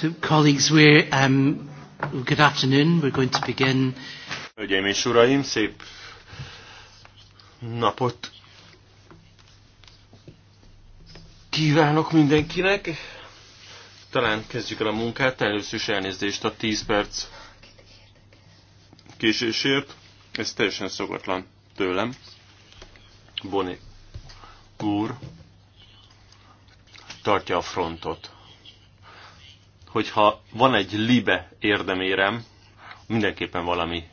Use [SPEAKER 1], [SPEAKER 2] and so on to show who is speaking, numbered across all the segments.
[SPEAKER 1] So, colleagues, we're, um, good afternoon. We're going to begin.
[SPEAKER 2] Hölgyeim és uraim, szép napot kívánok mindenkinek. Talán kezdjük el a munkát, először is elnézést a 10 perc késésért. Ez teljesen szokatlan tőlem. Boni úr tartja a frontot hogyha van egy libe érdemérem, mindenképpen valami,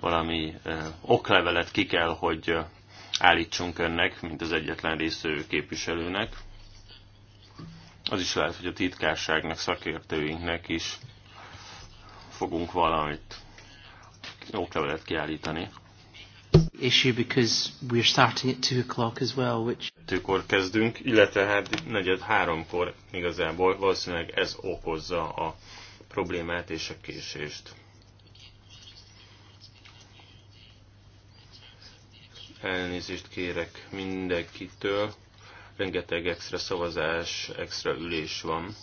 [SPEAKER 2] valami eh, oklevelet ki kell, hogy állítsunk önnek, mint az egyetlen résző képviselőnek. Az is lehet, hogy a titkárságnak, szakértőinknek is fogunk valamit oklevelet kiállítani issue because we're starting at two o'clock as well, which... Tőkor kezdünk, illetve hát negyed háromkor igazából valószínűleg ez okozza a problémát és a késést. Elnézést kérek mindenkitől. Rengeteg extra szavazás, extra ülés van.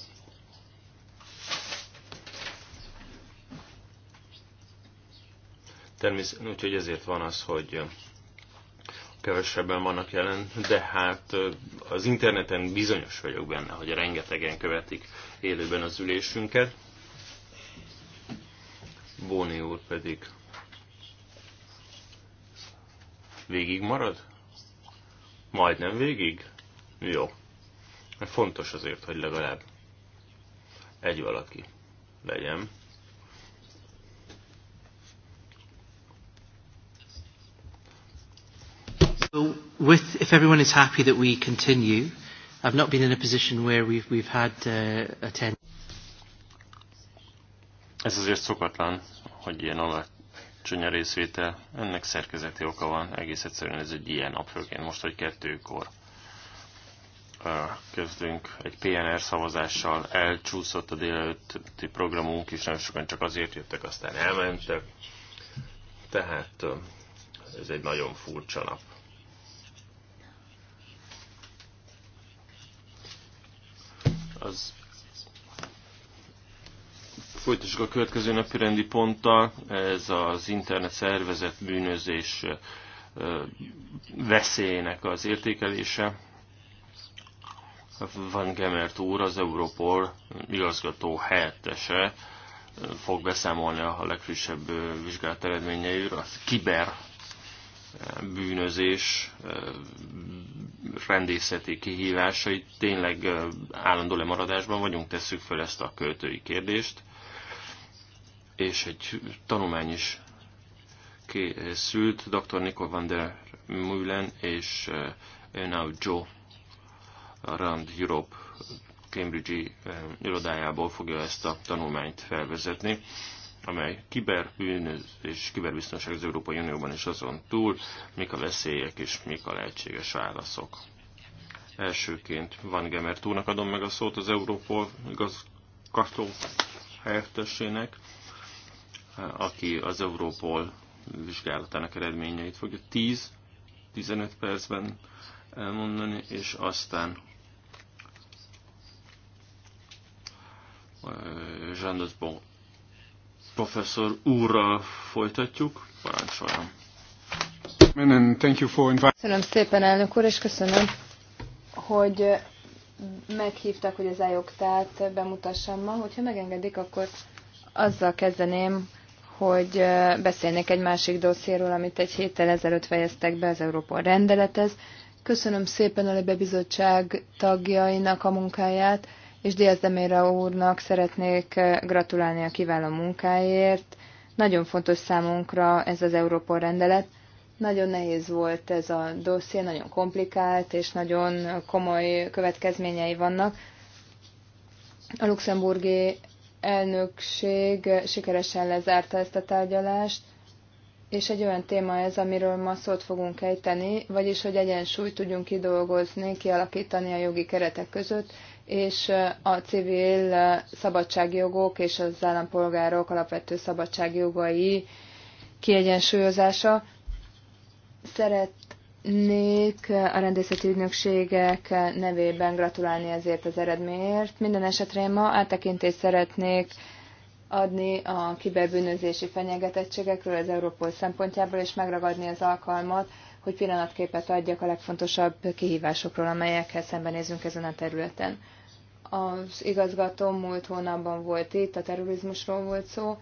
[SPEAKER 2] Természetesen, úgyhogy ezért van az, hogy kevesebben vannak jelen, de hát az interneten bizonyos vagyok benne, hogy rengetegen követik élőben az ülésünket. Bóni úr pedig végig marad? Majdnem végig? Jó. fontos azért, hogy legalább egy valaki legyen. So,
[SPEAKER 1] with, if everyone is happy that we continue, I've not been in a position where we've, we've had uh, a ten.
[SPEAKER 2] Ez azért szokatlan, hogy ilyen alacsony a részvétel. Ennek szerkezeti oka van, egész egyszerűen ez egy ilyen nap, főként most, hogy kettőkor kezdünk egy PNR szavazással, elcsúszott a délelőtti programunk is, nagyon sokan csak azért jöttek, aztán elmentek. Tehát ez egy nagyon furcsa nap. az Folytassuk a következő napi rendi ponttal, ez az internet szervezet bűnözés veszélyének az értékelése. Van Gemert úr, az Europol igazgató helyettese fog beszámolni a legfrissebb vizsgálat eredményeiről, a kiber bűnözés rendészeti kihívásai tényleg állandó lemaradásban vagyunk, tesszük fel ezt a költői kérdést, és egy tanulmány is készült dr. Nico van der Mühlen és Now Joe Rand Europe Cambridge-i irodájából fogja ezt a tanulmányt felvezetni amely és kiberbiztonság az Európai Unióban és azon túl, mik a veszélyek és mik a lehetséges válaszok. Elsőként Van Gemert úrnak adom meg a szót az Európol igazgató helyettesének, aki az Európol vizsgálatának eredményeit fogja 10-15 percben elmondani, és aztán eh, Jean Bon professzor úrral folytatjuk. Parancsoljon.
[SPEAKER 3] Köszönöm szépen, elnök úr, és köszönöm, hogy meghívtak, hogy az ájogtát bemutassam ma. Hogyha megengedik, akkor azzal kezdeném, hogy beszélnék egy másik dossziéről, amit egy héttel ezelőtt fejeztek be az Európai rendelethez. Köszönöm szépen a Lebe Bizottság tagjainak a munkáját, és Diaz Demére úrnak szeretnék eh, gratulálni a kiváló munkáért. Nagyon fontos számunkra ez az Európol rendelet. Nagyon nehéz volt ez a dosszié, nagyon komplikált, és nagyon komoly következményei vannak. A luxemburgi elnökség sikeresen lezárta ezt a tárgyalást, és egy olyan téma ez, amiről ma szót fogunk ejteni, vagyis hogy egyensúlyt tudjunk kidolgozni, kialakítani a jogi keretek között, és a civil szabadságjogok és az állampolgárok alapvető szabadságjogai kiegyensúlyozása. Szeretnék a rendészeti ügynökségek nevében gratulálni ezért az eredményért. Minden esetre én ma áttekintést szeretnék adni a kiberbűnözési fenyegetettségekről az Európol szempontjából, és megragadni az alkalmat, hogy pillanatképet adjak a legfontosabb kihívásokról, amelyekkel szembenézünk ezen a területen az igazgató múlt hónapban volt itt, a terrorizmusról volt szó,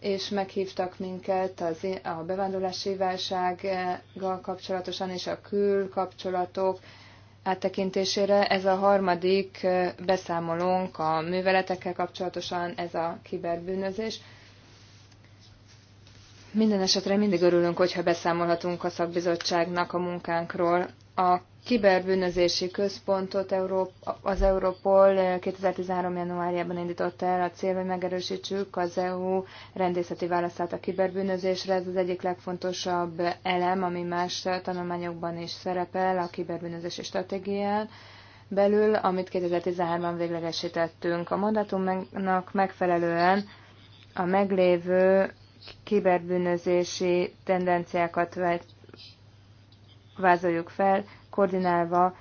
[SPEAKER 3] és meghívtak minket az, a bevándorlási válsággal kapcsolatosan és a külkapcsolatok áttekintésére. Ez a harmadik beszámolónk a műveletekkel kapcsolatosan, ez a kiberbűnözés. Minden esetre mindig örülünk, hogyha beszámolhatunk a szakbizottságnak a munkánkról a kiberbűnözési központot az Europol 2013. Eh, januárjában indította el a cél, hogy megerősítsük az EU rendészeti válaszát a kiberbűnözésre. Ez az egyik legfontosabb elem, ami más tanulmányokban is szerepel a kiberbűnözési stratégián belül, amit 2013-ban véglegesítettünk. A mandátumnak megfelelően a meglévő kiberbűnözési tendenciákat vázoljuk fel, koordinálva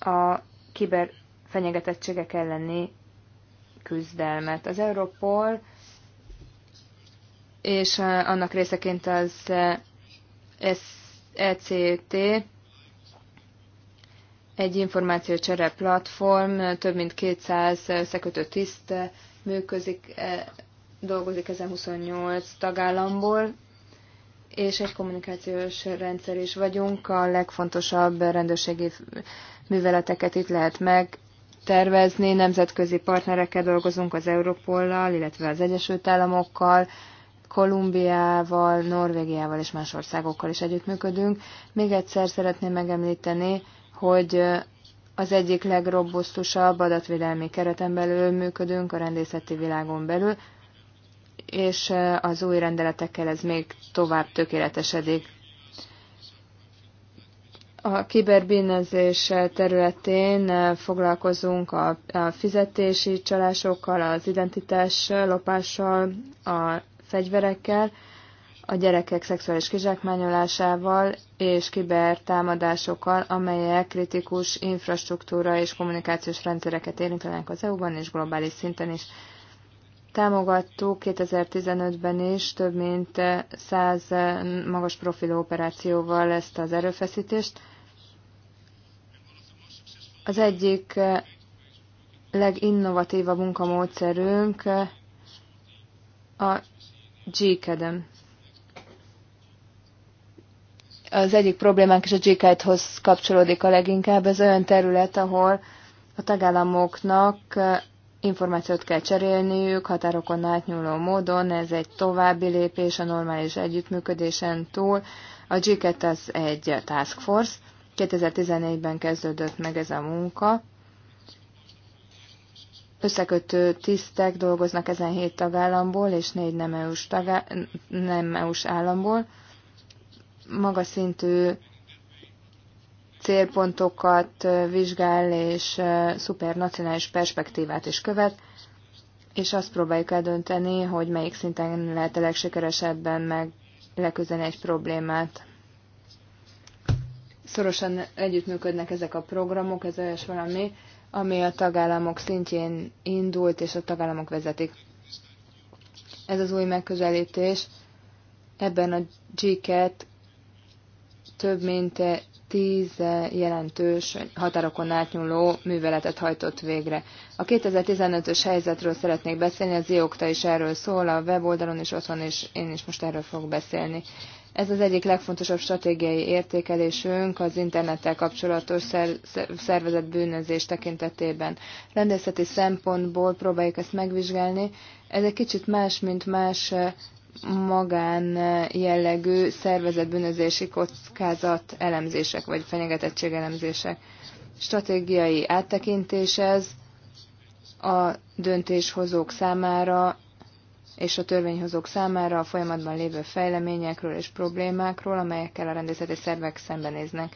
[SPEAKER 3] a kiberfenyegetettségek elleni küzdelmet. Az Europol és annak részeként az ECT egy információcsere platform, több mint 200 szekötő tiszt működik, dolgozik ezen 28 tagállamból, és egy kommunikációs rendszer is vagyunk. A legfontosabb rendőrségi műveleteket itt lehet meg tervezni, nemzetközi partnerekkel dolgozunk az Európollal, illetve az Egyesült Államokkal, Kolumbiával, Norvégiával és más országokkal is együttműködünk. Még egyszer szeretném megemlíteni, hogy az egyik legrobusztusabb adatvédelmi kereten belül működünk, a rendészeti világon belül, és az új rendeletekkel ez még tovább tökéletesedik. A kiberbínezés területén foglalkozunk a, fizetési csalásokkal, az identitás lopással, a fegyverekkel, a gyerekek szexuális kizsákmányolásával és kibertámadásokkal, amelyek kritikus infrastruktúra és kommunikációs rendszereket érintenek az EU-ban és globális szinten is. Támogattuk 2015-ben is több mint 100 magas profilú operációval ezt az erőfeszítést. Az egyik leginnovatívabb munkamódszerünk a G-Kedem. Az egyik problémánk is a g hoz kapcsolódik a leginkább. Ez olyan terület, ahol a tagállamoknak információt kell cserélniük határokon átnyúló módon, ez egy további lépés a normális együttműködésen túl. A g az egy task force, 2014-ben kezdődött meg ez a munka. Összekötő tisztek dolgoznak ezen hét tagállamból és négy nem EU-s, tagá- nem EU-s államból. Magas szintű célpontokat vizsgál, és szupernacionális perspektívát is követ, és azt próbáljuk eldönteni, hogy melyik szinten lehet a legsikeresebben meg leküzdeni egy problémát. Szorosan együttműködnek ezek a programok, ez olyas valami, ami a tagállamok szintjén indult, és a tagállamok vezetik. Ez az új megközelítés. Ebben a G-ket több mint tíz jelentős határokon átnyúló műveletet hajtott végre. A 2015-ös helyzetről szeretnék beszélni, az IOKTA is erről szól, a weboldalon is otthon, és én is most erről fogok beszélni. Ez az egyik legfontosabb stratégiai értékelésünk az internettel kapcsolatos szervezett bűnözés tekintetében. Rendészeti szempontból próbáljuk ezt megvizsgálni. Ez egy kicsit más, mint más magán jellegű szervezetbűnözési kockázat elemzések, vagy fenyegetettség elemzések. Stratégiai áttekintés ez a döntéshozók számára és a törvényhozók számára a folyamatban lévő fejleményekről és problémákról, amelyekkel a rendészeti szervek szembenéznek.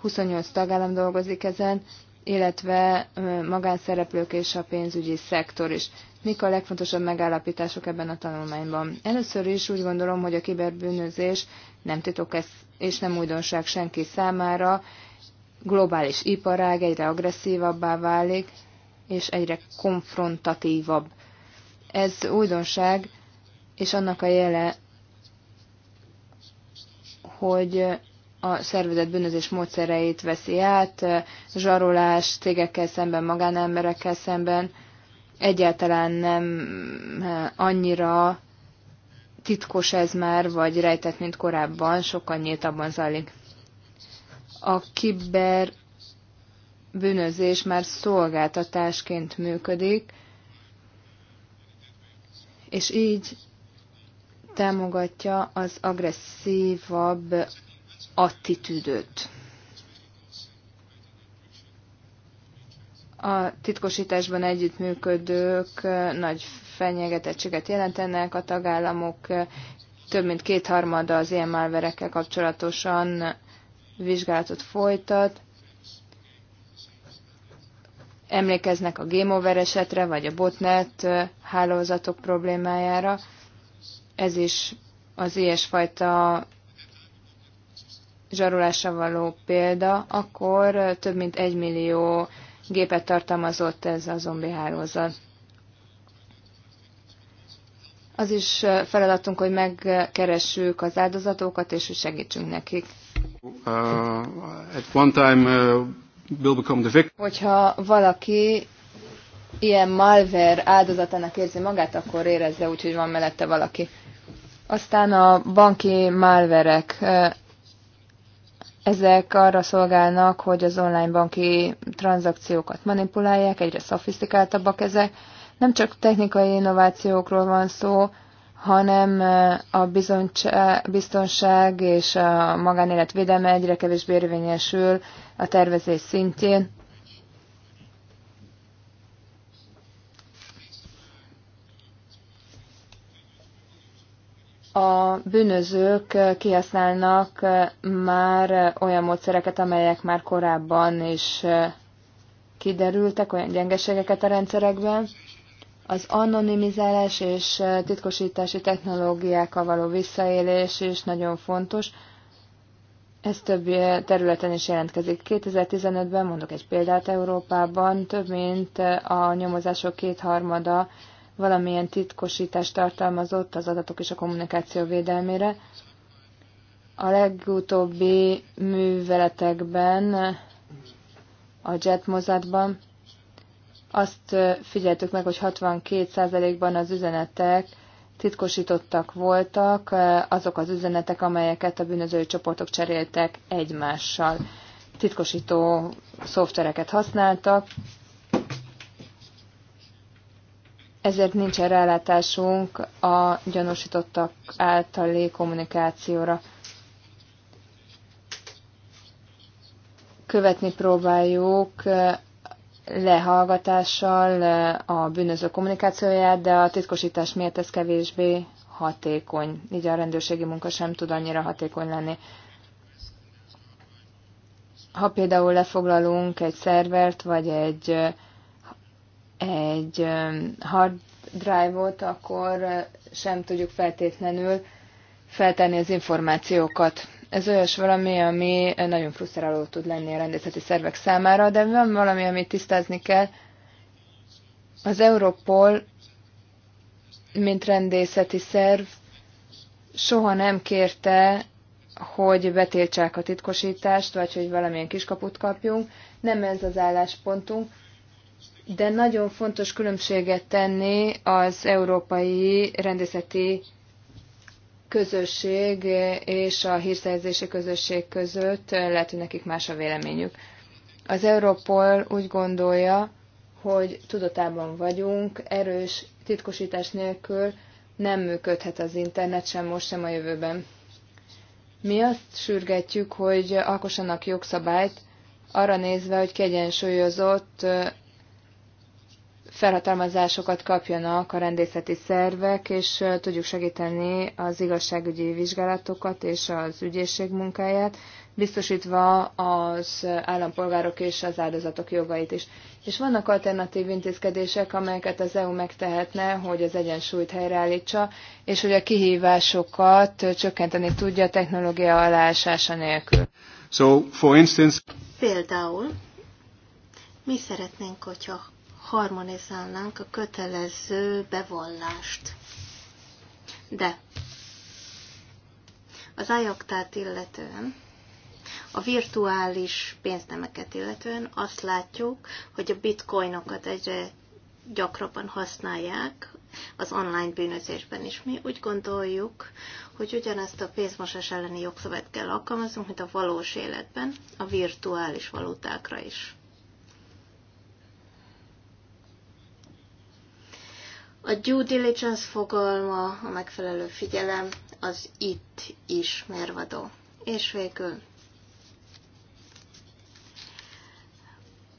[SPEAKER 3] 28 tagállam dolgozik ezen, illetve magánszereplők és a pénzügyi szektor is mik a legfontosabb megállapítások ebben a tanulmányban. Először is úgy gondolom, hogy a kiberbűnözés nem titok ez, és nem újdonság senki számára, globális iparág egyre agresszívabbá válik, és egyre konfrontatívabb. Ez újdonság, és annak a jele, hogy a szervezet bűnözés módszereit veszi át, zsarolás cégekkel szemben, magánemberekkel szemben, egyáltalán nem eh, annyira titkos ez már, vagy rejtett, mint korábban, sokkal nyíltabban zajlik. A kiber bűnözés már szolgáltatásként működik, és így támogatja az agresszívabb attitűdöt. A titkosításban együttműködők nagy fenyegetettséget jelentenek, a tagállamok több mint kétharmada az ilyen malverekkel kapcsolatosan vizsgálatot folytat. Emlékeznek a Gameover esetre, vagy a botnet hálózatok problémájára. Ez is az ilyesfajta zsarolásra való példa, akkor több mint egy millió gépet tartalmazott ez a zombi hálózat. Az is feladatunk, hogy megkeressük az áldozatokat, és hogy segítsünk nekik.
[SPEAKER 2] Uh, at one time, uh, we'll become the victim.
[SPEAKER 3] Hogyha valaki ilyen malver áldozatának érzi magát, akkor érezze úgy, hogy van mellette valaki. Aztán a banki malverek. Uh, ezek arra szolgálnak, hogy az online banki tranzakciókat manipulálják, egyre szofisztikáltabbak ezek. Nem csak technikai innovációkról van szó, hanem eh, a biztonság és a magánélet védelme egyre kevésbé érvényesül a tervezés szintjén. a bűnözők kihasználnak már olyan módszereket, amelyek már korábban is kiderültek, olyan gyengeségeket a rendszerekben. Az anonimizálás és titkosítási technológiákkal való visszaélés is nagyon fontos. Ez több területen is jelentkezik. 2015-ben, mondok egy példát, Európában több mint a nyomozások kétharmada valamilyen titkosítást tartalmazott az adatok és a kommunikáció védelmére. A legutóbbi műveletekben, a JET mozatban azt figyeltük meg, hogy 62%-ban az üzenetek titkosítottak voltak azok az üzenetek, amelyeket a bűnözői csoportok cseréltek egymással. Titkosító szoftvereket használtak, ezért nincsen rálátásunk a gyanúsítottak általi kommunikációra. Követni próbáljuk eh, lehallgatással eh, a bűnöző kommunikációját, de a titkosítás miatt ez kevésbé hatékony. Így a rendőrségi munka sem tud annyira hatékony lenni. Ha például lefoglalunk egy szervert vagy egy eh, egy hard drive-ot, akkor sem tudjuk feltétlenül feltenni az információkat. Ez olyas valami, ami nagyon frusztráló tud lenni a rendészeti szervek számára, de van valami, amit tisztázni kell. Az Europol, mint rendészeti szerv, soha nem kérte, hogy betiltsák a titkosítást, vagy hogy valamilyen kiskaput kapjunk. Nem ez az álláspontunk de nagyon fontos különbséget tenni az európai rendészeti közösség és a hírszerzési közösség között, lehet, hogy nekik más a véleményük. Az Europol úgy gondolja, hogy tudatában vagyunk, erős titkosítás nélkül nem működhet az internet sem most, sem a jövőben. Mi azt sürgetjük, hogy alkossanak jogszabályt, arra nézve, hogy kiegyensúlyozott felhatalmazásokat kapjanak a rendészeti szervek, és tudjuk segíteni az igazságügyi vizsgálatokat és az ügyészség munkáját, biztosítva az állampolgárok és az áldozatok jogait is. És vannak alternatív intézkedések, amelyeket az EU megtehetne, hogy az egyensúlyt helyreállítsa, és hogy a kihívásokat csökkenteni tudja technológia aláásása nélkül.
[SPEAKER 2] So, for instance...
[SPEAKER 3] Például
[SPEAKER 4] mi szeretnénk, hogyha harmonizálnánk a kötelező bevallást. De az ajoktát illetően, a virtuális pénznemeket illetően azt látjuk, hogy a bitcoinokat egyre gyakrabban használják az online bűnözésben is. Mi úgy gondoljuk, hogy ugyanezt a pénzmosás elleni jogszabályt kell alkalmaznunk, mint a valós életben, a virtuális valutákra is. A due diligence fogalma, a megfelelő figyelem, az itt is mérvadó. És végül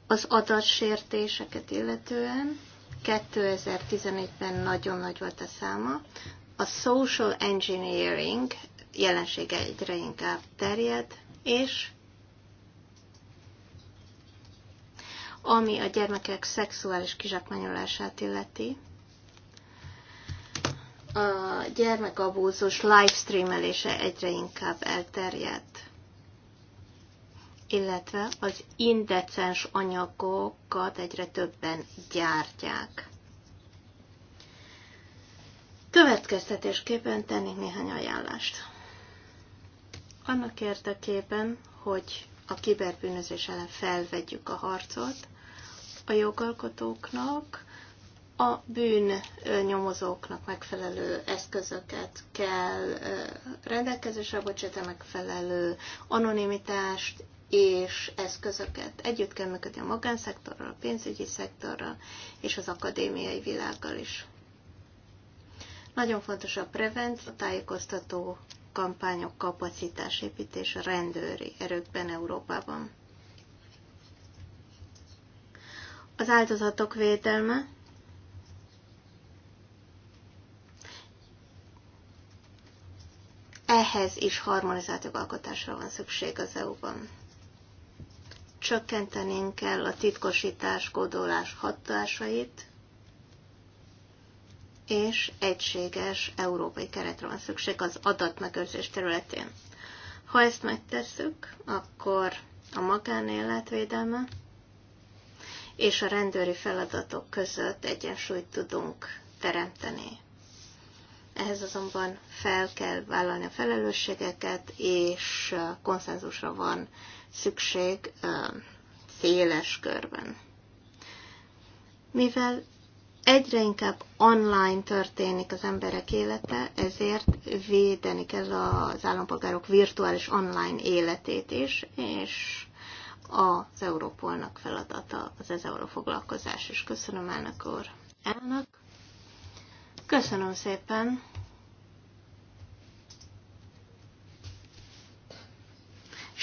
[SPEAKER 4] az adatsértéseket illetően 2011 ben nagyon nagy volt a száma. A social engineering jelensége egyre inkább terjed, és ami a gyermekek szexuális kizsákmányolását illeti, a gyermekabúzus livestreamelése egyre inkább elterjedt, illetve az indecens anyagokat egyre többen gyártják. Következtetésképpen tennék néhány ajánlást. Annak érdekében, hogy a kiberbűnözés ellen felvegyük a harcot, a jogalkotóknak a bűnnyomozóknak megfelelő eszközöket kell rendelkezésre bocsátani, megfelelő anonimitást és eszközöket. Együtt kell működni a magánszektorral, a pénzügyi szektorral és az akadémiai világgal is. Nagyon fontos a prevenció, a tájékoztató kampányok kapacitásépítése rendőri erőkben Európában. Az áldozatok védelme, ehhez is harmonizált jogalkotásra van szükség az EU-ban. Csökkentenénk kell a titkosítás, kódolás hatásait, és egységes európai keretre van szükség az adatmegőrzés területén. Ha ezt megtesszük, akkor a magánélet védelme és a rendőri feladatok között egyensúlyt tudunk teremteni. Ehhez azonban fel kell vállalni a felelősségeket, és konszenzusra van szükség széles körben. Mivel egyre inkább online történik az emberek élete, ezért védeni kell az állampolgárok virtuális online életét is, és az Európolnak feladata az ez való foglalkozás is. Köszönöm elnök úr. Elnök. Köszönöm szépen.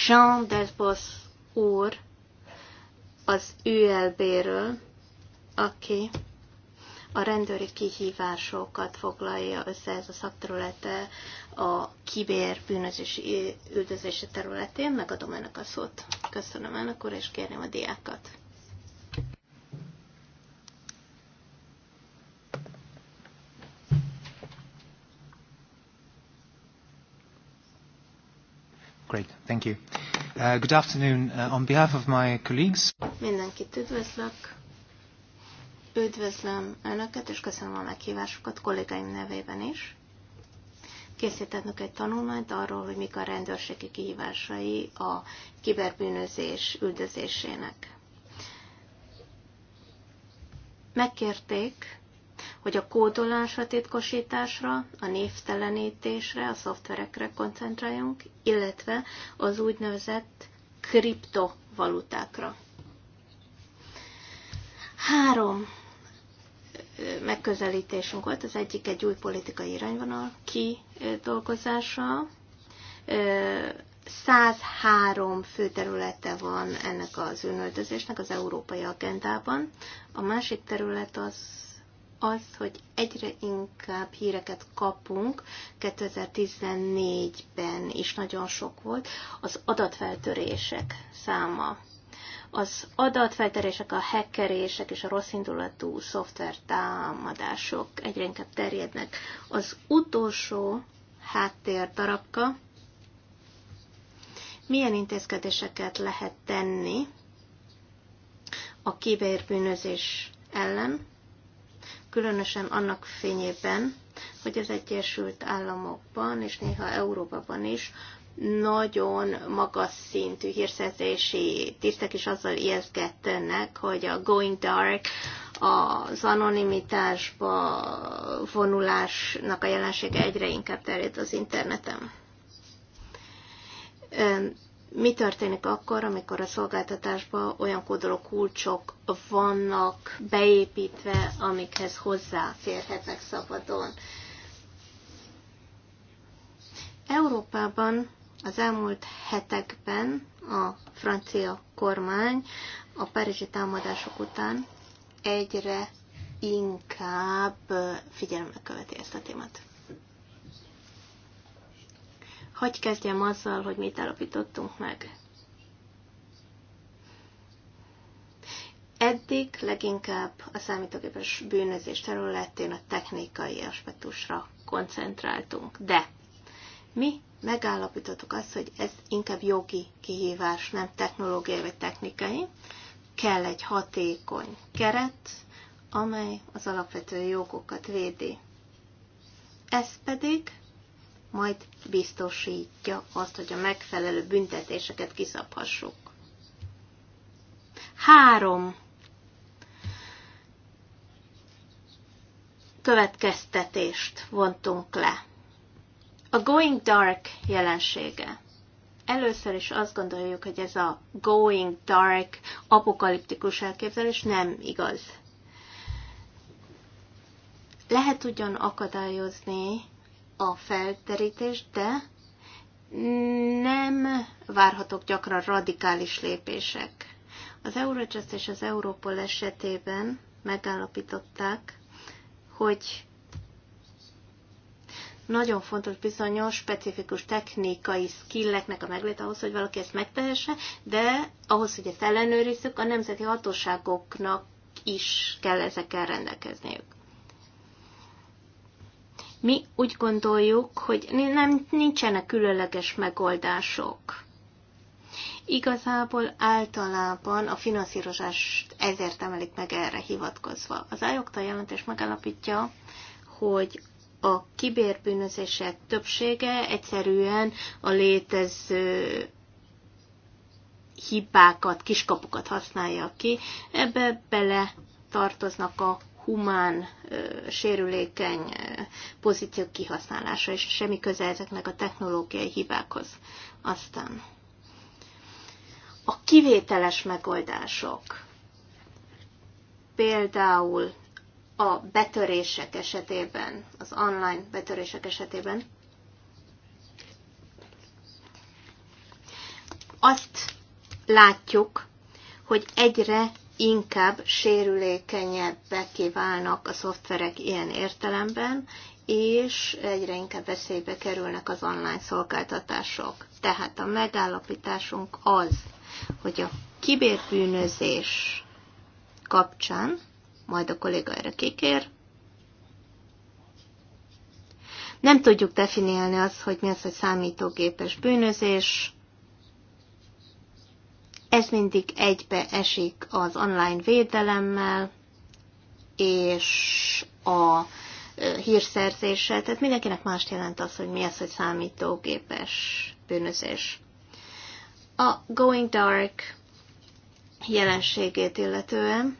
[SPEAKER 4] Jean Desbos úr az ULB-ről, aki a rendőri kihívásokat foglalja össze ez a szakterülete a bűnözési üldözése területén. Megadom ennek a szót. Köszönöm ennek úr, és kérném a diákat.
[SPEAKER 1] Great, thank you. Uh, good afternoon. Uh, on behalf of my colleagues.
[SPEAKER 4] Mindenkit üdvözlök. Üdvözlöm Önöket, és köszönöm a meghívásokat, kollégáim nevében is. Készítettünk egy tanulmányt arról, hogy mik a rendőrségi kihívásai a kiberbűnözés üldözésének. Megkérték hogy a kódolásra, titkosításra, a névtelenítésre, a szoftverekre koncentráljunk, illetve az úgynevezett kriptovalutákra. Három megközelítésünk volt. Az egyik egy új politikai irányvonal kidolgozása. 103 fő területe van ennek az önöldözésnek az európai agendában. A másik terület az az, hogy egyre inkább híreket kapunk, 2014-ben is nagyon sok volt, az adatfeltörések száma. Az adatfeltörések, a hackerések és a rosszindulatú szoftvertámadások egyre inkább terjednek. Az utolsó háttér darabka, milyen intézkedéseket lehet tenni a kibérbűnözés ellen, különösen annak fényében, hogy az Egyesült Államokban és néha Európában is nagyon magas szintű hírszerzési tisztek is azzal ijeszgetnek, hogy a going dark, az anonimitásba vonulásnak a jelensége egyre inkább terjed az interneten mi történik akkor, amikor a szolgáltatásban olyan kódoló kulcsok vannak beépítve, amikhez hozzáférhetnek szabadon. Európában az elmúlt hetekben a francia kormány a párizsi támadások után egyre inkább figyelemmel követi ezt a témát. Hogy kezdjem azzal, hogy mit állapítottunk meg? Eddig leginkább a számítógépes bűnözés területén a technikai aspektusra koncentráltunk, de mi megállapítottuk azt, hogy ez inkább jogi kihívás, nem technológiai vagy technikai. Kell egy hatékony keret, amely az alapvető jogokat védi. Ez pedig majd biztosítja azt, hogy a megfelelő büntetéseket kiszabhassuk. Három következtetést vontunk le. A going dark jelensége. Először is azt gondoljuk, hogy ez a going dark apokaliptikus elképzelés nem igaz. Lehet ugyan akadályozni a felterítést, de nem várhatók gyakran radikális lépések. Az Eurojust és az Európol esetében megállapították, hogy nagyon fontos bizonyos specifikus technikai skilleknek a meglét ahhoz, hogy valaki ezt megtehesse, de ahhoz, hogy ezt ellenőrizzük, a nemzeti hatóságoknak is kell ezekkel rendelkezniük. Mi úgy gondoljuk, hogy nem nincsenek különleges megoldások. Igazából általában a finanszírozást ezért emelik meg erre hivatkozva. Az ájogta jelentés megállapítja, hogy a kibérbűnözések többsége egyszerűen a létező hibákat, kiskapukat használja ki. Ebbe bele tartoznak a humán, sérülékeny pozíciók kihasználása, és semmi köze ezeknek a technológiai hibákhoz. Aztán a kivételes megoldások, például a betörések esetében, az online betörések esetében, azt látjuk, hogy egyre inkább sérülékenyebbeké válnak a szoftverek ilyen értelemben, és egyre inkább veszélybe kerülnek az online szolgáltatások. Tehát a megállapításunk az, hogy a kibérbűnözés kapcsán, majd a kolléga erre kikér, nem tudjuk definiálni azt, hogy mi az, hogy számítógépes bűnözés, ez mindig egybe esik az online védelemmel és a hírszerzéssel, tehát mindenkinek mást jelent az, hogy mi az, hogy számítógépes bűnözés. A Going Dark jelenségét illetően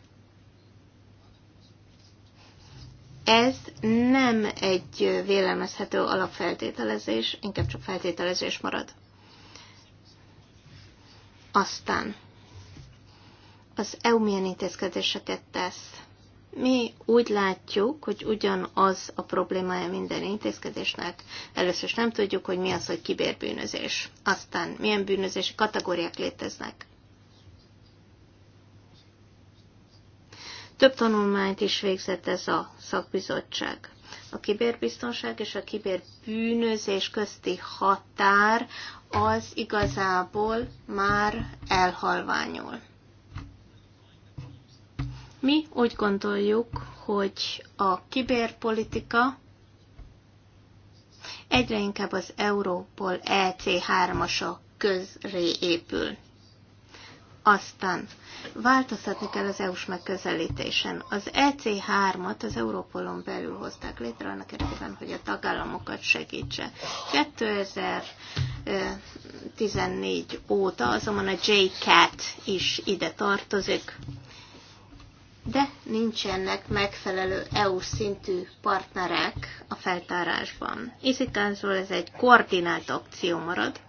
[SPEAKER 4] ez nem egy vélelmezhető alapfeltételezés, inkább csak feltételezés marad. Aztán az EU milyen intézkedéseket tesz. Mi úgy látjuk, hogy ugyanaz a problémája minden intézkedésnek. Először is nem tudjuk, hogy mi az, hogy kibérbűnözés. Aztán milyen bűnözési kategóriák léteznek. Több tanulmányt is végzett ez a szakbizottság. A kiberbiztonság és a kiberbűnözés közti határ az igazából már elhalványul. Mi úgy gondoljuk, hogy a kibérpolitika egyre inkább az Európol EC3-asa közré épül. Aztán változtatni kell az EU-s megközelítésen. Az EC3-at az Európolon belül hozták létre annak érdekében, hogy a tagállamokat segítse. 2000 14 óta, azonban a J-Cat is ide tartozik, de nincsenek megfelelő EU szintű partnerek a feltárásban. Iszikánzról ez egy koordinált akció marad.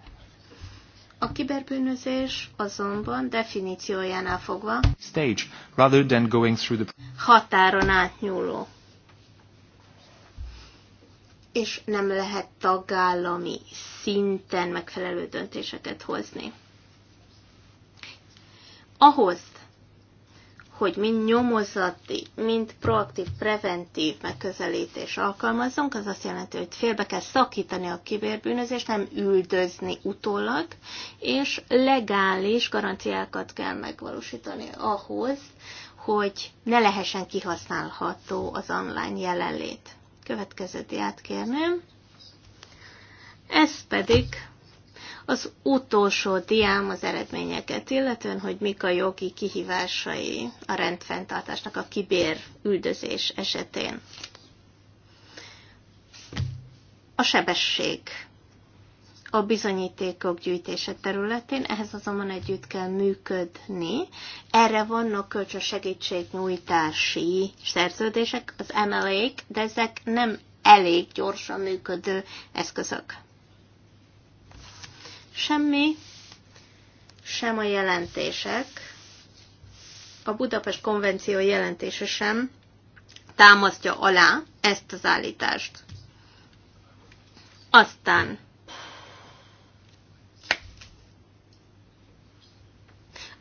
[SPEAKER 4] A kiberbűnözés azonban definíciójánál fogva
[SPEAKER 1] stage, rather than going through the...
[SPEAKER 4] határon átnyúló és nem lehet tagállami szinten megfelelő döntéseket hozni. Ahhoz, hogy mind nyomozati, mind proaktív, preventív megközelítés alkalmazzunk, az azt jelenti, hogy félbe kell szakítani a kibérbűnözést, nem üldözni utólag, és legális garanciákat kell megvalósítani ahhoz, hogy ne lehessen kihasználható az online jelenlét következő diát kérném. Ez pedig az utolsó diám az eredményeket, illetően, hogy mik a jogi kihívásai a rendfenntartásnak a kibér üldözés esetén. A sebesség a bizonyítékok gyűjtése területén, ehhez azonban együtt kell működni. Erre vannak kölcsön segítségnyújtási szerződések, az MLA-k, de ezek nem elég gyorsan működő eszközök. Semmi, sem a jelentések, a Budapest konvenció jelentése sem támasztja alá ezt az állítást. Aztán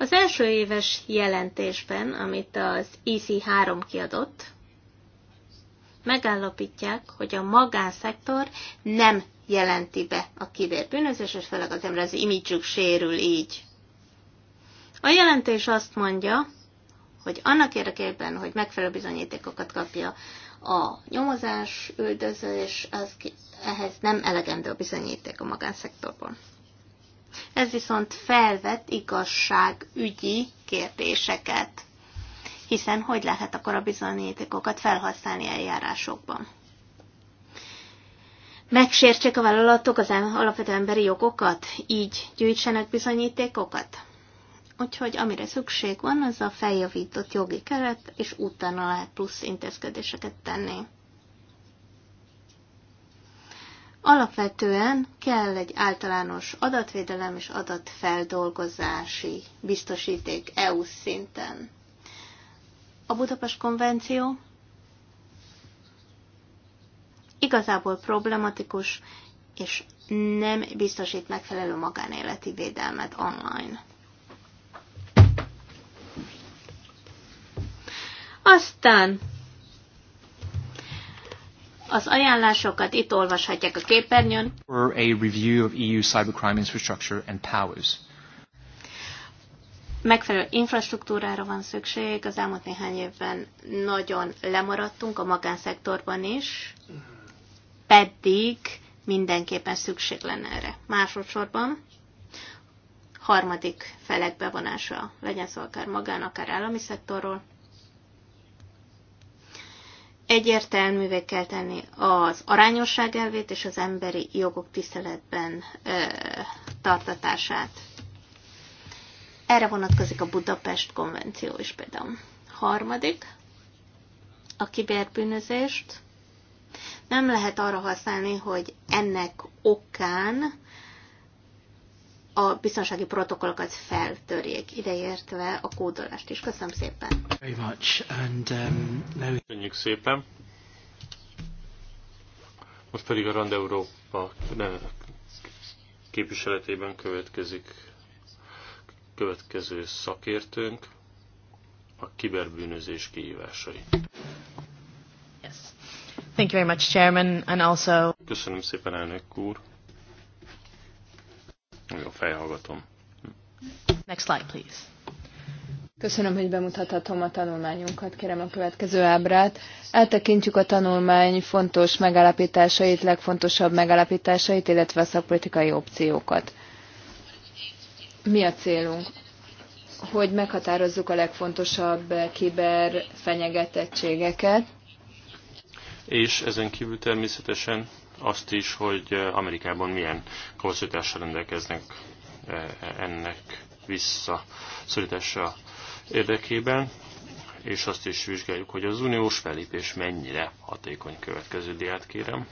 [SPEAKER 4] Az első éves jelentésben, amit az EC3 kiadott, megállapítják, hogy a magánszektor nem jelenti be a kiberbűnözés, és főleg az ember az imidzsük sérül így. A jelentés azt mondja, hogy annak érdekében, hogy megfelelő bizonyítékokat kapja a nyomozás, és az, ehhez nem elegendő a bizonyíték a magánszektorban. Ez viszont felvet igazságügyi kérdéseket, hiszen hogy lehet akkor a bizonyítékokat felhasználni eljárásokban? Megsértsék a vállalatok az alapvető emberi jogokat, így gyűjtsenek bizonyítékokat? Úgyhogy amire szükség van, az a feljavított jogi keret, és utána lehet plusz intézkedéseket tenni. Alapvetően kell egy általános adatvédelem és adatfeldolgozási biztosíték EU szinten. A Budapest konvenció igazából problematikus, és nem biztosít megfelelő magánéleti védelmet online. Aztán az ajánlásokat itt olvashatják a képernyőn.
[SPEAKER 1] For a review of EU cybercrime infrastructure
[SPEAKER 2] and powers.
[SPEAKER 4] Megfelelő infrastruktúrára van szükség. Az elmúlt néhány évben nagyon lemaradtunk a magánszektorban is, pedig mindenképpen szükség lenne erre. Másodszorban harmadik felek bevonása legyen szó akár magán, akár állami szektorról egyértelművé kell tenni az arányosság elvét és az emberi jogok tiszteletben ö, tartatását. Erre vonatkozik a Budapest konvenció is például. Harmadik, a kiberbűnözést nem lehet arra használni, hogy ennek okán a biztonsági protokollokat feltörjék, ideértve a kódolást is. Köszönöm
[SPEAKER 1] szépen. Very much. And, um, now...
[SPEAKER 2] Köszönjük szépen. Most pedig a Rand Európa képviseletében következik következő szakértőnk, a kiberbűnözés kihívásai.
[SPEAKER 4] Yes. Thank you very much,
[SPEAKER 3] Chairman, and also...
[SPEAKER 2] Köszönöm szépen, elnök úr. Jó, felhallgatom. Next slide, please.
[SPEAKER 3] Köszönöm, hogy bemutathatom a tanulmányunkat. Kérem a következő ábrát. Eltekintjük a tanulmány fontos megállapításait, legfontosabb megállapításait, illetve a szakpolitikai opciókat. Mi a célunk? Hogy meghatározzuk a legfontosabb kiber fenyegetettségeket.
[SPEAKER 2] És ezen kívül természetesen azt is, hogy Amerikában milyen kapacitással rendelkeznek ennek visszaszorítása érdekében, és azt is vizsgáljuk, hogy az uniós felépés mennyire hatékony következő diát kérem.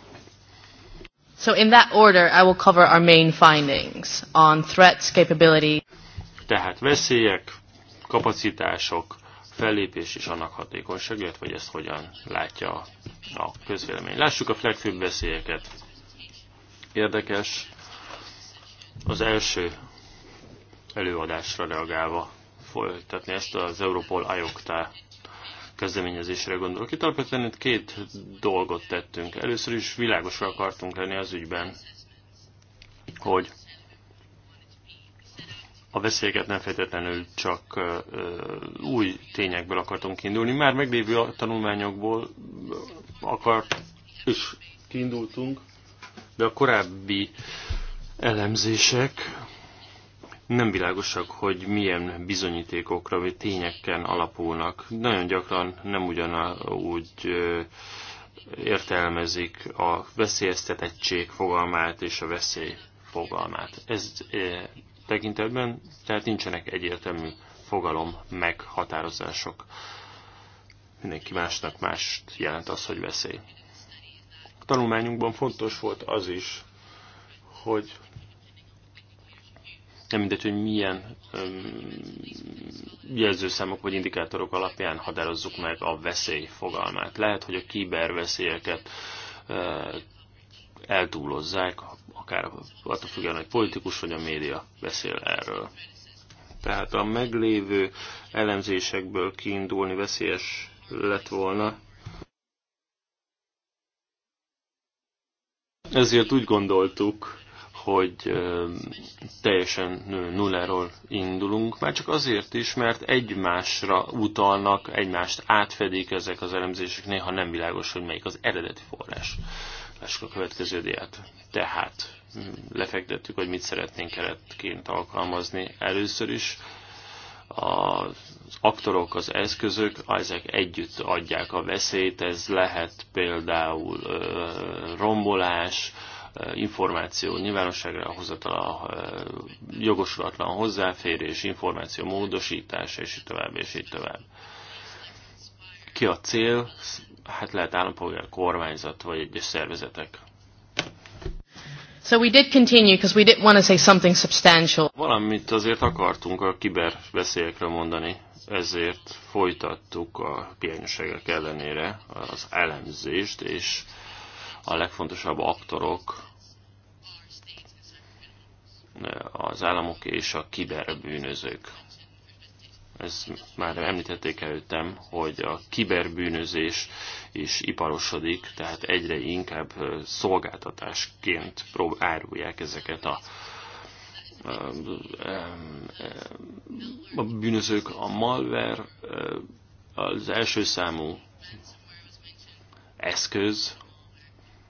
[SPEAKER 4] So in that order, I will cover our main findings on threats, capability.
[SPEAKER 2] Tehát veszélyek, kapacitások, fellépés és annak illetve vagy ezt hogyan látja a közvélemény. Lássuk a legfőbb veszélyeket. Érdekes, az első előadásra reagálva folytatni ezt az Europol IOCTA kezdeményezésre gondolok. Itt alapvetően itt két dolgot tettünk. Először is világosra akartunk lenni az ügyben, hogy a veszélyeket nem feltétlenül csak új tényekből akartunk kiindulni. Már meglévő tanulmányokból akart és kiindultunk, de a korábbi elemzések nem világosak, hogy milyen bizonyítékokra vagy tényekken alapulnak. Nagyon gyakran nem ugyanúgy értelmezik a veszélyeztetettség fogalmát és a veszély fogalmát. Ez tekintetben, tehát nincsenek egyértelmű fogalom meghatározások. Mindenki másnak mást jelent az, hogy veszély. A tanulmányunkban fontos volt az is, hogy nem mindegy, hogy milyen öm, jelzőszámok vagy indikátorok alapján határozzuk meg a veszély fogalmát. Lehet, hogy a kiberveszélyeket eltúlozzák, akár attól függően, hogy politikus vagy a média beszél erről. Tehát a meglévő elemzésekből kiindulni veszélyes lett volna. Ezért úgy gondoltuk, hogy teljesen nulláról indulunk, már csak azért is, mert egymásra utalnak, egymást átfedik ezek az elemzések, néha nem világos, hogy melyik az eredeti forrás. Lássuk a következő diát. Tehát hm, lefektettük, hogy mit szeretnénk keretként alkalmazni. Először is az aktorok, az eszközök, ezek együtt adják a veszélyt, ez lehet például rombolás, információ nyilvánosságra hozatala, jogosulatlan hozzáférés, információ módosítása, és így tovább, és így tovább. Ki a cél? hát lehet állampolgár kormányzat vagy egyes szervezetek. So we did continue because we didn't want to say something substantial. Valamit azért akartunk a kiberveszélyekről mondani, ezért folytattuk a hiányosságok ellenére az elemzést, és a legfontosabb aktorok az államok és a kiberbűnözők ez már említették előttem, hogy a kiberbűnözés is iparosodik, tehát egyre inkább szolgáltatásként árulják ezeket a a bűnözők, a malware az első számú eszköz,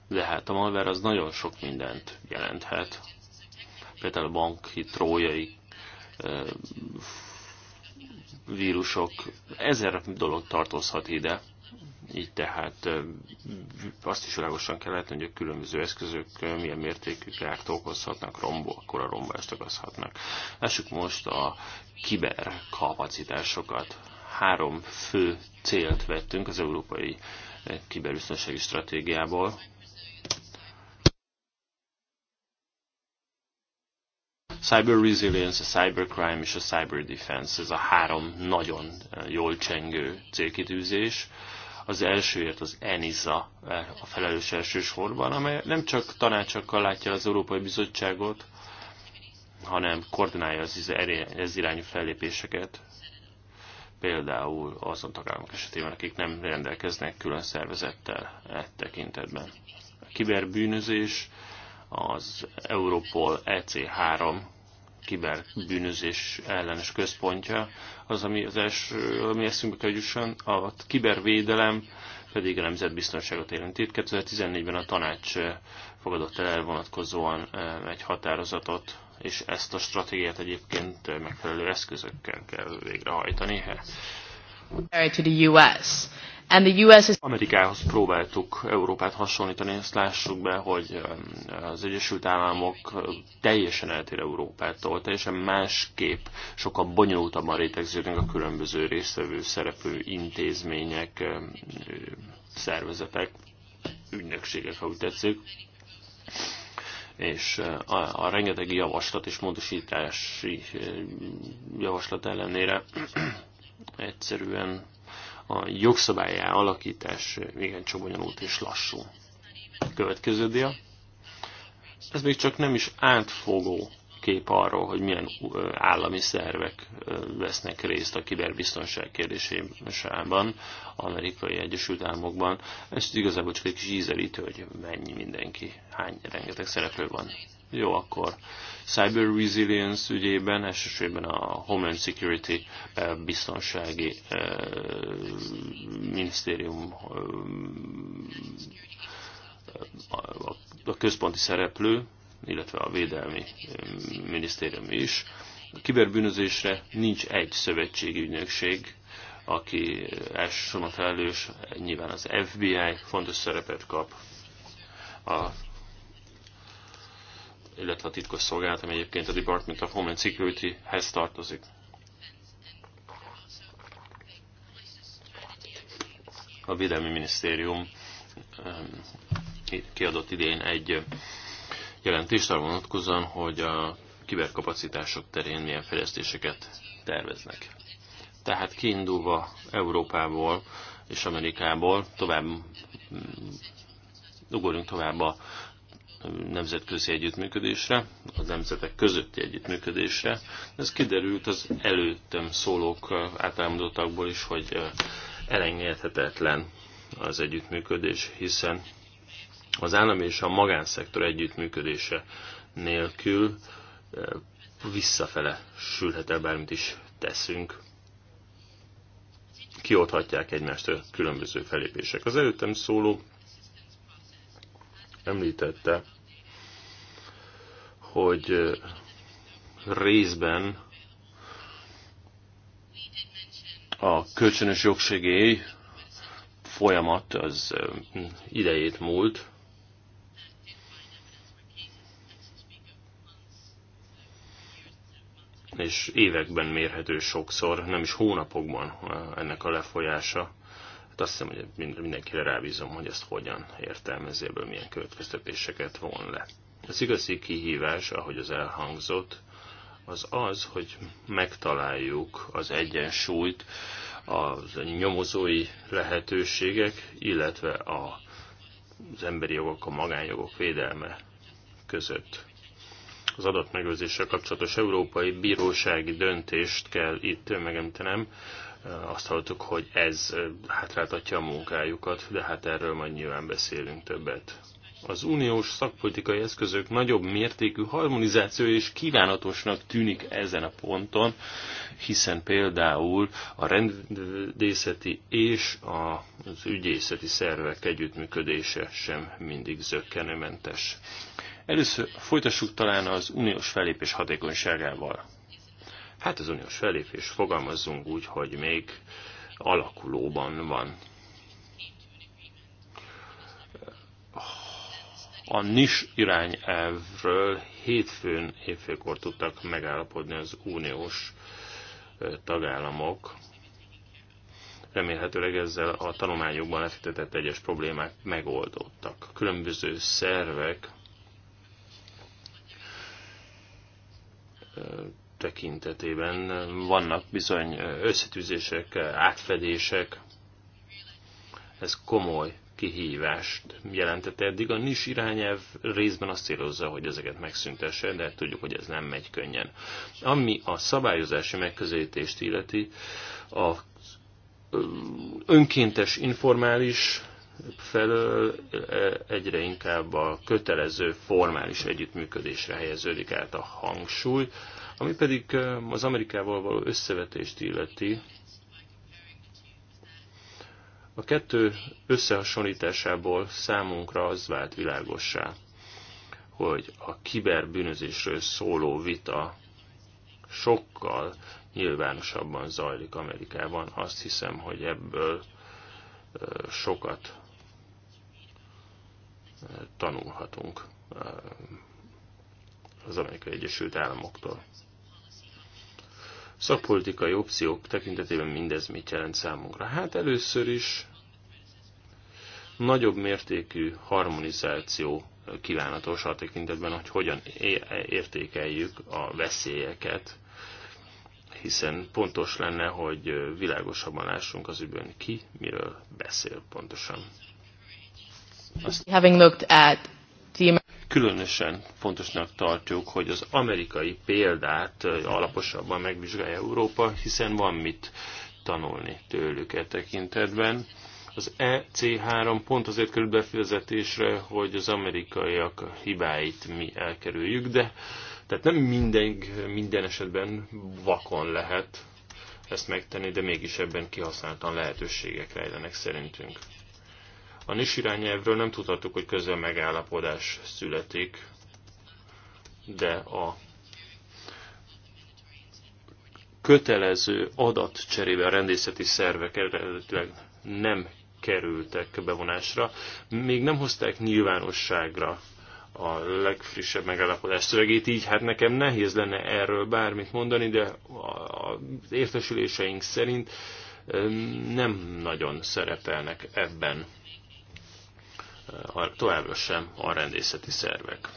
[SPEAKER 2] de hát a malware az nagyon sok mindent jelenthet. Például a banki trójai vírusok, ezer dolog tartozhat ide. Így tehát azt is világosan kell lehetni, hogy a különböző eszközök milyen mértékű kárt okozhatnak, rombo, akkor a rombást okozhatnak. Lássuk most a kiberkapacitásokat. Három fő célt vettünk az európai kiberbiztonsági stratégiából. Cyber Resilience, a Cybercrime és a Cyber Defense, ez a három nagyon eh, jól csengő célkitűzés. Az elsőért az ENISA, eh, a felelős elsősorban, amely nem csak tanácsokkal látja az Európai Bizottságot, hanem koordinálja az ez irányú fellépéseket, például azon tagállamok esetében, akik nem rendelkeznek külön szervezettel e tekintetben. A kiberbűnözés, az Europol EC3 kiberbűnözés ellenes központja, az, ami az első, ami eszünkbe kell jusson, a kibervédelem pedig a nemzetbiztonságot érinti. 2014-ben a tanács eh, fogadott el elvonatkozóan eh, egy határozatot, és ezt a stratégiát egyébként megfelelő eszközökkel kell végrehajtani.
[SPEAKER 1] To the US. And the US is...
[SPEAKER 2] Amerikához próbáltuk Európát hasonlítani, ezt lássuk be, hogy um, az Egyesült Államok teljesen eltér Európától, teljesen másképp, sokkal bonyolultabban rétegződnek a különböző résztvevő szereplő intézmények, um, szervezetek, ügynökségek, ha úgy tetszik és uh, a, a rengeteg javaslat és módosítási um, javaslat ellenére egyszerűen a jogszabályá alakítás igen csak bonyolult és lassú. Következő dia. Ez még csak nem is átfogó kép arról, hogy milyen állami szervek vesznek részt a kiberbiztonság kérdésében amerikai Egyesült Államokban. Ez igazából csak egy kis ízelítő, hogy mennyi mindenki, hány rengeteg szereplő van. Jó, akkor Cyber Resilience ügyében, elsősorban a Homeland Security biztonsági minisztérium a központi szereplő, illetve a Védelmi eh, Minisztérium is. A kiberbűnözésre nincs egy szövetségi ügynökség, aki eh, elsősorban felelős, nyilván az FBI fontos szerepet kap, a, illetve a titkos szolgálat, ami egyébként a Department of Homeland Security-hez tartozik. A Védelmi Minisztérium eh, kiadott idén egy jelentést arra vonatkozóan, hogy a kiberkapacitások terén milyen fejlesztéseket terveznek. Tehát kiindulva Európából és Amerikából tovább mm, ugorjunk tovább a mm, nemzetközi együttműködésre, a nemzetek közötti együttműködésre. Ez kiderült az előttem szólók általában is, hogy elengedhetetlen az együttműködés, hiszen az állami és a magánszektor együttműködése nélkül eh, visszafele sülhet el bármit is teszünk. Kiolthatják egymást a különböző felépések. Az előttem szóló említette, hogy eh, részben a kölcsönös jogsegély folyamat az eh, idejét múlt, és években mérhető sokszor, nem is hónapokban ennek a lefolyása. Hát azt hiszem, hogy mindenkire rábízom, hogy ezt hogyan értelmezi, ebből milyen következtetéseket von le. Az igazi kihívás, ahogy az elhangzott, az az, hogy megtaláljuk az egyensúlyt a nyomozói lehetőségek, illetve a, az emberi jogok, a magánjogok védelme között az adatmegőrzéssel kapcsolatos Európai Bírósági döntést kell itt megemtenem. Azt hallottuk, hogy ez hátráltatja a munkájukat, de hát erről majd nyilván beszélünk többet. Az uniós szakpolitikai eszközök nagyobb mértékű harmonizáció is kívánatosnak tűnik ezen a ponton, hiszen például a rendészeti és az ügyészeti szervek együttműködése sem mindig zöggenőmentes. Először folytassuk talán az uniós fellépés hatékonyságával. Hát az uniós fellépés fogalmazzunk úgy, hogy még alakulóban van. A NIS irányelvről hétfőn évfélkor tudtak megállapodni az uniós tagállamok. Remélhetőleg ezzel a tanulmányokban lefektetett egyes problémák megoldódtak. Különböző szervek tekintetében vannak bizony összetűzések, átfedések. Ez komoly kihívást jelentette eddig. A NIS irányelv részben azt célozza, hogy ezeket megszüntesse, de tudjuk, hogy ez nem megy könnyen. Ami a szabályozási megközelítést illeti, a önkéntes informális felől e, egyre inkább a kötelező formális együttműködésre helyeződik át a hangsúly, ami pedig e, az Amerikával való összevetést illeti. A kettő összehasonlításából számunkra az vált világossá, hogy a kiberbűnözésről szóló vita sokkal nyilvánosabban zajlik Amerikában. Azt hiszem, hogy ebből e, sokat tanulhatunk eh, az Amerikai Egyesült Államoktól. Szakpolitikai opciók tekintetében mindez mit jelent számunkra? Hát először is nagyobb mértékű harmonizáció kívánatos a tekintetben, hogy hogyan értékeljük a veszélyeket, hiszen pontos lenne, hogy világosabban lássunk az ügyben ki, miről beszél pontosan. Különösen fontosnak tartjuk, hogy az amerikai példát alaposabban megvizsgálja Európa, hiszen van mit tanulni tőlük e tekintetben. Az EC3 pont azért kerül befizetésre, hogy az amerikaiak hibáit mi elkerüljük, de tehát nem minden, minden esetben vakon lehet ezt megtenni, de mégis ebben kihasználtan lehetőségek rejlenek szerintünk. A NIS irányelvről nem tudhattuk, hogy közben megállapodás születik, de a kötelező adatcserével a rendészeti szervek eredetileg nem kerültek bevonásra. Még nem hozták nyilvánosságra a legfrissebb megállapodás szövegét, így hát nekem nehéz lenne erről bármit mondani, de az értesüléseink szerint nem nagyon szerepelnek ebben továbbra sem a rendészeti szervek.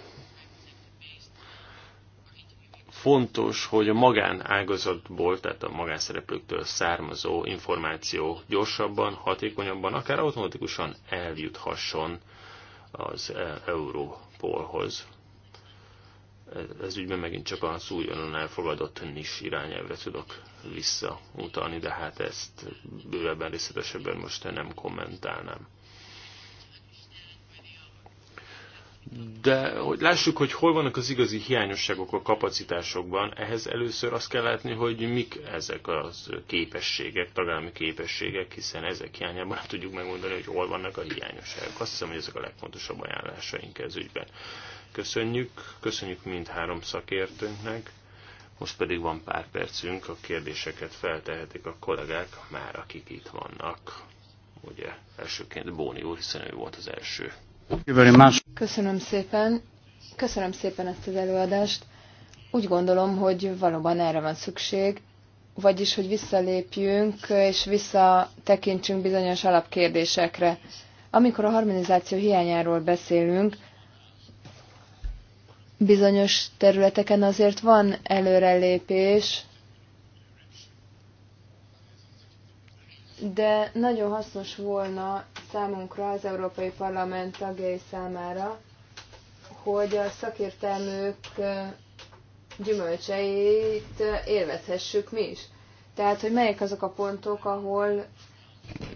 [SPEAKER 2] Fontos, hogy a magánágazatból, tehát a magánszereplőktől származó információ gyorsabban, hatékonyabban, akár automatikusan eljuthasson az e, Európolhoz. Ez ügyben megint csak az újonnan elfogadott NIS irányelvre tudok visszautalni, de hát ezt bővebben részletesebben most nem kommentálnám. de hogy lássuk, hogy hol vannak az igazi hiányosságok a kapacitásokban, ehhez először azt kell látni, hogy mik ezek az képességek, tagállami képességek, hiszen ezek hiányában nem tudjuk megmondani, hogy hol vannak a hiányosságok. Azt hiszem, hogy ezek a legfontosabb ajánlásaink ez ügyben. Köszönjük, köszönjük mind három szakértőnknek, most pedig van pár percünk, a kérdéseket feltehetik a kollégák, már akik itt vannak. Ugye elsőként Bóni úr, hiszen ő volt az első
[SPEAKER 3] Köszönöm szépen. Köszönöm szépen ezt az előadást. Úgy gondolom, hogy valóban erre van szükség, vagyis, hogy visszalépjünk és visszatekintsünk bizonyos alapkérdésekre. Amikor a harmonizáció hiányáról beszélünk, bizonyos területeken azért van előrelépés, de nagyon hasznos volna számunkra, az Európai Parlament tagjai számára, hogy a szakértelmük gyümölcseit élvezhessük mi is. Tehát, hogy melyek azok a pontok, ahol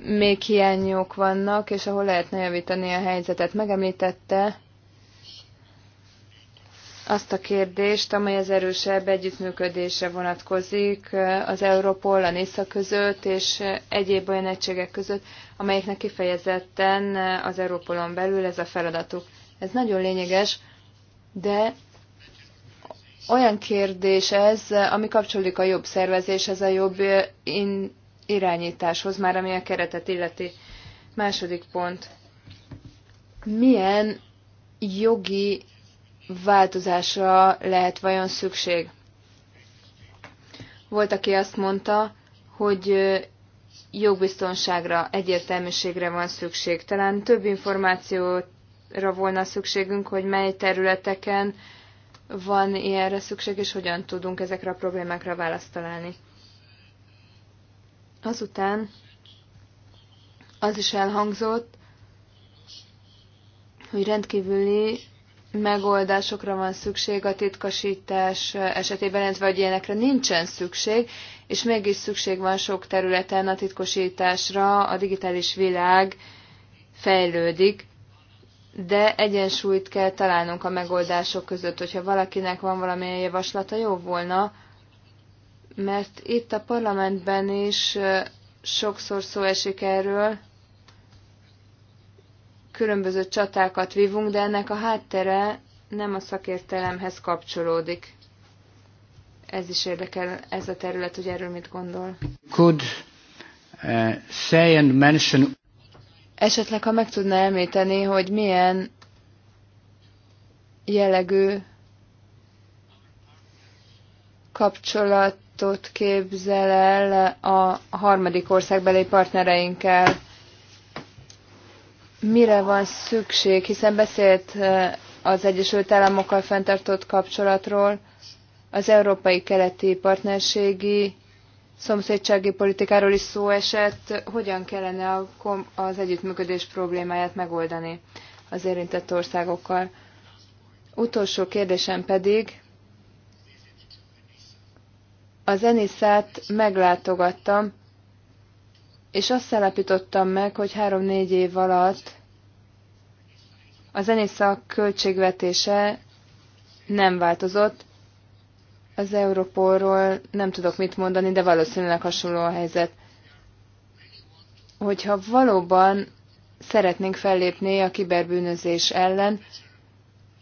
[SPEAKER 3] még hiányok vannak, és ahol lehetne javítani a helyzetet. Megemlítette azt a kérdést, amely az erősebb együttműködésre vonatkozik eh, az Europol, a NISZA között és eh, egyéb olyan egységek között, amelyeknek kifejezetten eh, az Europolon belül ez a feladatuk. Ez nagyon lényeges, de olyan kérdés ez, ami kapcsolódik a jobb szervezéshez, a jobb in- irányításhoz, már ami a keretet illeti. Második pont. Milyen jogi változásra lehet vajon szükség. Volt, aki azt mondta, hogy jogbiztonságra, egyértelműségre van szükség. Talán több információra volna szükségünk, hogy mely területeken van ilyenre szükség, és hogyan tudunk ezekre a problémákra választ találni. Azután az is elhangzott, hogy rendkívüli megoldásokra van szükség a titkosítás esetében, illetve hogy ilyenekre nincsen szükség, és mégis szükség van sok területen a titkosításra, a digitális világ fejlődik, de egyensúlyt kell találnunk a megoldások között, hogyha valakinek van valamilyen javaslata, jó volna, mert itt a parlamentben is sokszor szó esik erről, különböző csatákat vívunk, de ennek a háttere nem a szakértelemhez kapcsolódik. Ez is érdekel, ez a terület, hogy erről mit gondol. Could uh,
[SPEAKER 1] say and mention...
[SPEAKER 3] Esetleg, ha meg tudna említeni, hogy milyen jellegű kapcsolatot képzel el a harmadik országbeli partnereinkkel mire van szükség, hiszen beszélt eh, az Egyesült Államokkal fenntartott kapcsolatról, az Európai Keleti Partnerségi Szomszédsági Politikáról is szó esett, hogyan kellene az együttműködés problémáját megoldani az érintett országokkal. Utolsó kérdésem pedig, az Enisát meglátogattam, és azt állapítottam meg, hogy három-négy év alatt a zenészak költségvetése nem változott. Az Europolról nem tudok mit mondani, de valószínűleg hasonló a helyzet. Hogyha valóban szeretnénk fellépni a kiberbűnözés ellen,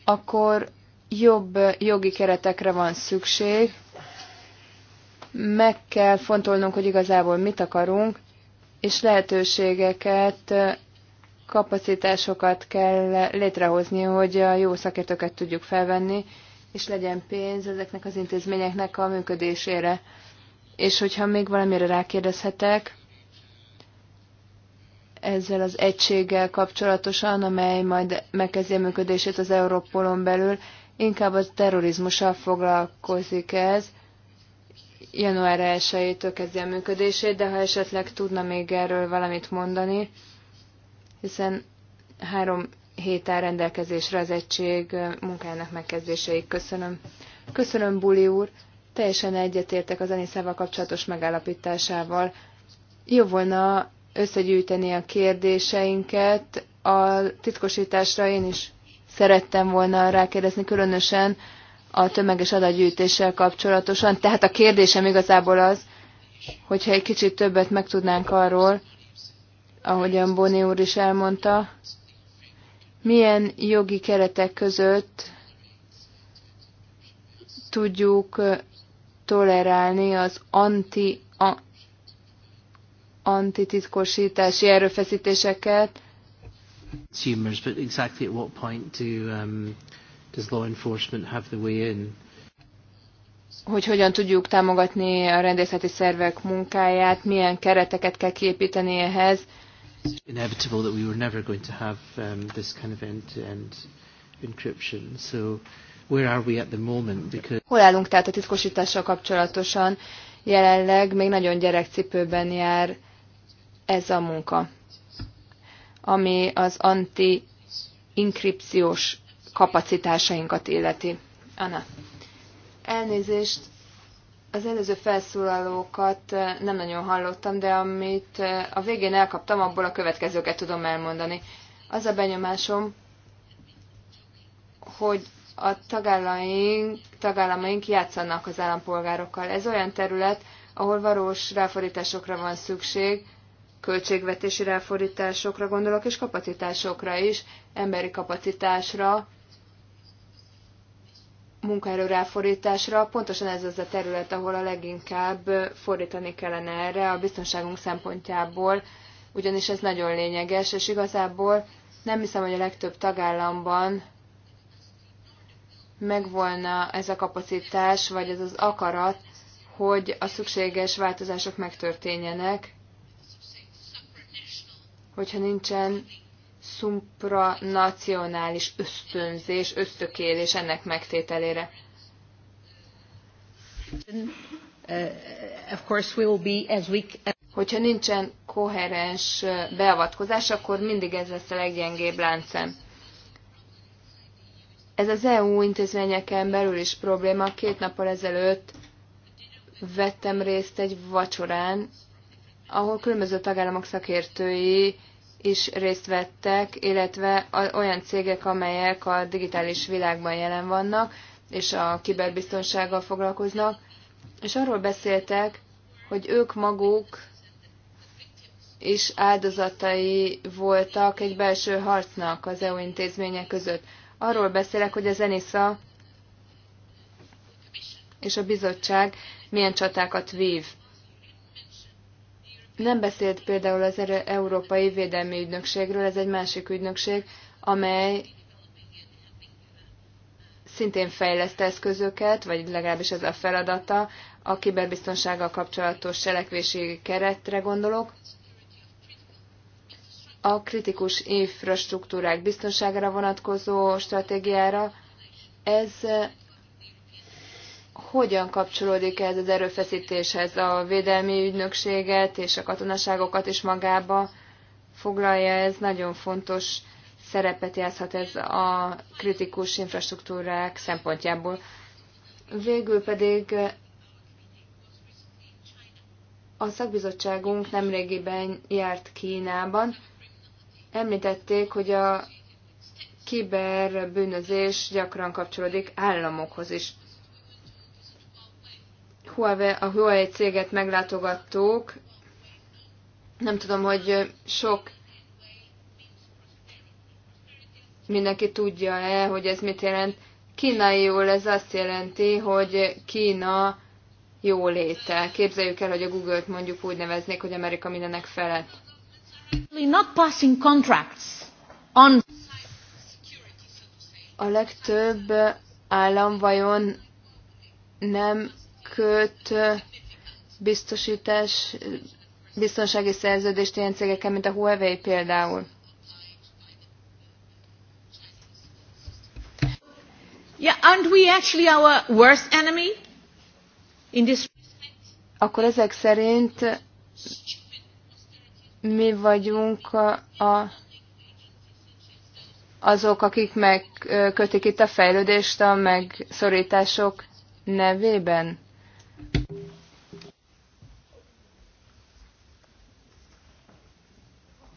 [SPEAKER 3] akkor jobb jogi keretekre van szükség, meg kell fontolnunk, hogy igazából mit akarunk, és lehetőségeket, kapacitásokat kell létrehozni, hogy a jó szakértőket tudjuk felvenni, és legyen pénz ezeknek az intézményeknek a működésére. És hogyha még valamire rákérdezhetek, ezzel az egységgel kapcsolatosan, amely majd megkezdi a működését az Európolon belül, inkább a terrorizmussal foglalkozik ez, január 1-től kezdi a működését, de ha esetleg tudna még erről valamit mondani, hiszen három hét áll rendelkezésre az egység munkájának megkezdéseig. Köszönöm. Köszönöm, Buli úr. Teljesen egyetértek az Aniszával kapcsolatos megállapításával. Jó volna összegyűjteni a kérdéseinket. A titkosításra én is szerettem volna rákérdezni, különösen a tömeges adatgyűjtéssel kapcsolatosan. Tehát a kérdésem igazából az, hogyha egy kicsit többet megtudnánk arról, ahogyan Boni úr is elmondta, milyen jogi keretek között tudjuk tolerálni az anti, a, antititkosítási erőfeszítéseket.
[SPEAKER 1] but exactly at what point do um, does law enforcement have the way in?
[SPEAKER 3] hogy hogyan tudjuk támogatni a rendészeti szervek munkáját, milyen kereteket kell kiépíteni ehhez.
[SPEAKER 1] Inevitable that we were never going to have um, this kind of end-to-end encryption. So where are we at the moment? Because
[SPEAKER 3] Hol állunk tehát a titkosítással kapcsolatosan? Jelenleg még nagyon gyerekcipőben jár ez a munka, ami az anti-inkripciós kapacitásainkat illeti. Anna. Elnézést, az előző felszólalókat eh, nem nagyon hallottam, de amit eh, a végén elkaptam, abból a következőket tudom elmondani. Az a benyomásom, hogy a tagállamaink, tagállamaink játszanak az állampolgárokkal. Ez olyan terület, ahol valós ráforításokra van szükség, költségvetési ráforításokra gondolok, és kapacitásokra is, emberi kapacitásra, munkaerő ráfordításra, pontosan ez az a terület, ahol a leginkább fordítani kellene erre a biztonságunk szempontjából, ugyanis ez nagyon lényeges, és igazából nem hiszem, hogy a legtöbb tagállamban megvolna ez a kapacitás, vagy ez az akarat, hogy a szükséges változások megtörténjenek, hogyha nincsen szupranacionális ösztönzés, ösztökélés ennek megtételére. Uh, Hogyha nincsen koherens uh, beavatkozás, akkor mindig ez lesz a leggyengébb láncem. Ez az EU intézményeken belül is probléma. Két nappal ezelőtt vettem részt egy vacsorán, ahol különböző tagállamok szakértői is részt vettek, illetve olyan cégek, amelyek a digitális világban jelen vannak, és a kiberbiztonsággal foglalkoznak, és arról beszéltek, hogy ők maguk is áldozatai voltak egy belső harcnak az EU intézmények között. Arról beszélek, hogy az ENISA és a bizottság milyen csatákat vív nem beszélt például az Európai Védelmi Ügynökségről, ez egy másik ügynökség, amely szintén fejleszt eszközöket, vagy legalábbis ez a feladata, a kiberbiztonsággal kapcsolatos cselekvési keretre gondolok, a kritikus infrastruktúrák biztonságra vonatkozó stratégiára. Ez hogyan kapcsolódik ez az erőfeszítéshez a védelmi ügynökséget és a katonaságokat is magába foglalja, ez nagyon fontos szerepet játszhat ez a kritikus infrastruktúrák szempontjából. Végül pedig a szakbizottságunk nemrégiben járt Kínában. Említették, hogy a kiberbűnözés gyakran kapcsolódik államokhoz is. Huawei, a Huawei céget meglátogattuk. Nem tudom, hogy sok mindenki tudja-e, hogy ez mit jelent. Kínaiul ez azt jelenti, hogy Kína jóléte. Képzeljük el, hogy a Google-t mondjuk úgy neveznék, hogy Amerika mindenek felett. Not passing contracts on... A legtöbb állam vajon nem köt biztosítás, biztonsági szerződést ilyen cégekkel, mint a Huawei például. Yeah, aren't we actually our worst enemy in this? Akkor ezek szerint mi vagyunk a, a azok, akik megkötik itt a fejlődést a megszorítások nevében.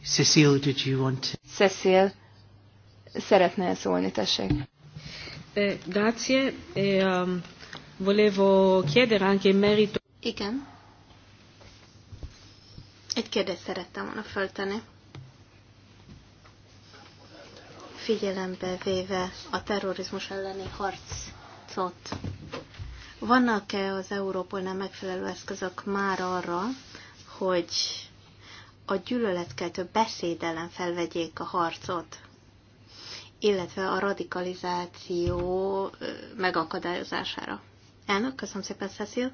[SPEAKER 1] Cecil, did you want to...
[SPEAKER 3] Cecil, szeretne szólni, tessék. Eh, grazie. E, um, volevo chiedere anche in merito...
[SPEAKER 4] Igen. Egy kérdést szerettem volna föltenni. Figyelembe véve a terrorizmus elleni harcot, vannak-e az Európolnál megfelelő eszközök már arra, hogy a gyűlöletkeltő beszéd ellen felvegyék a harcot, illetve a radikalizáció megakadályozására. Elnök, köszönöm szépen, Cecil.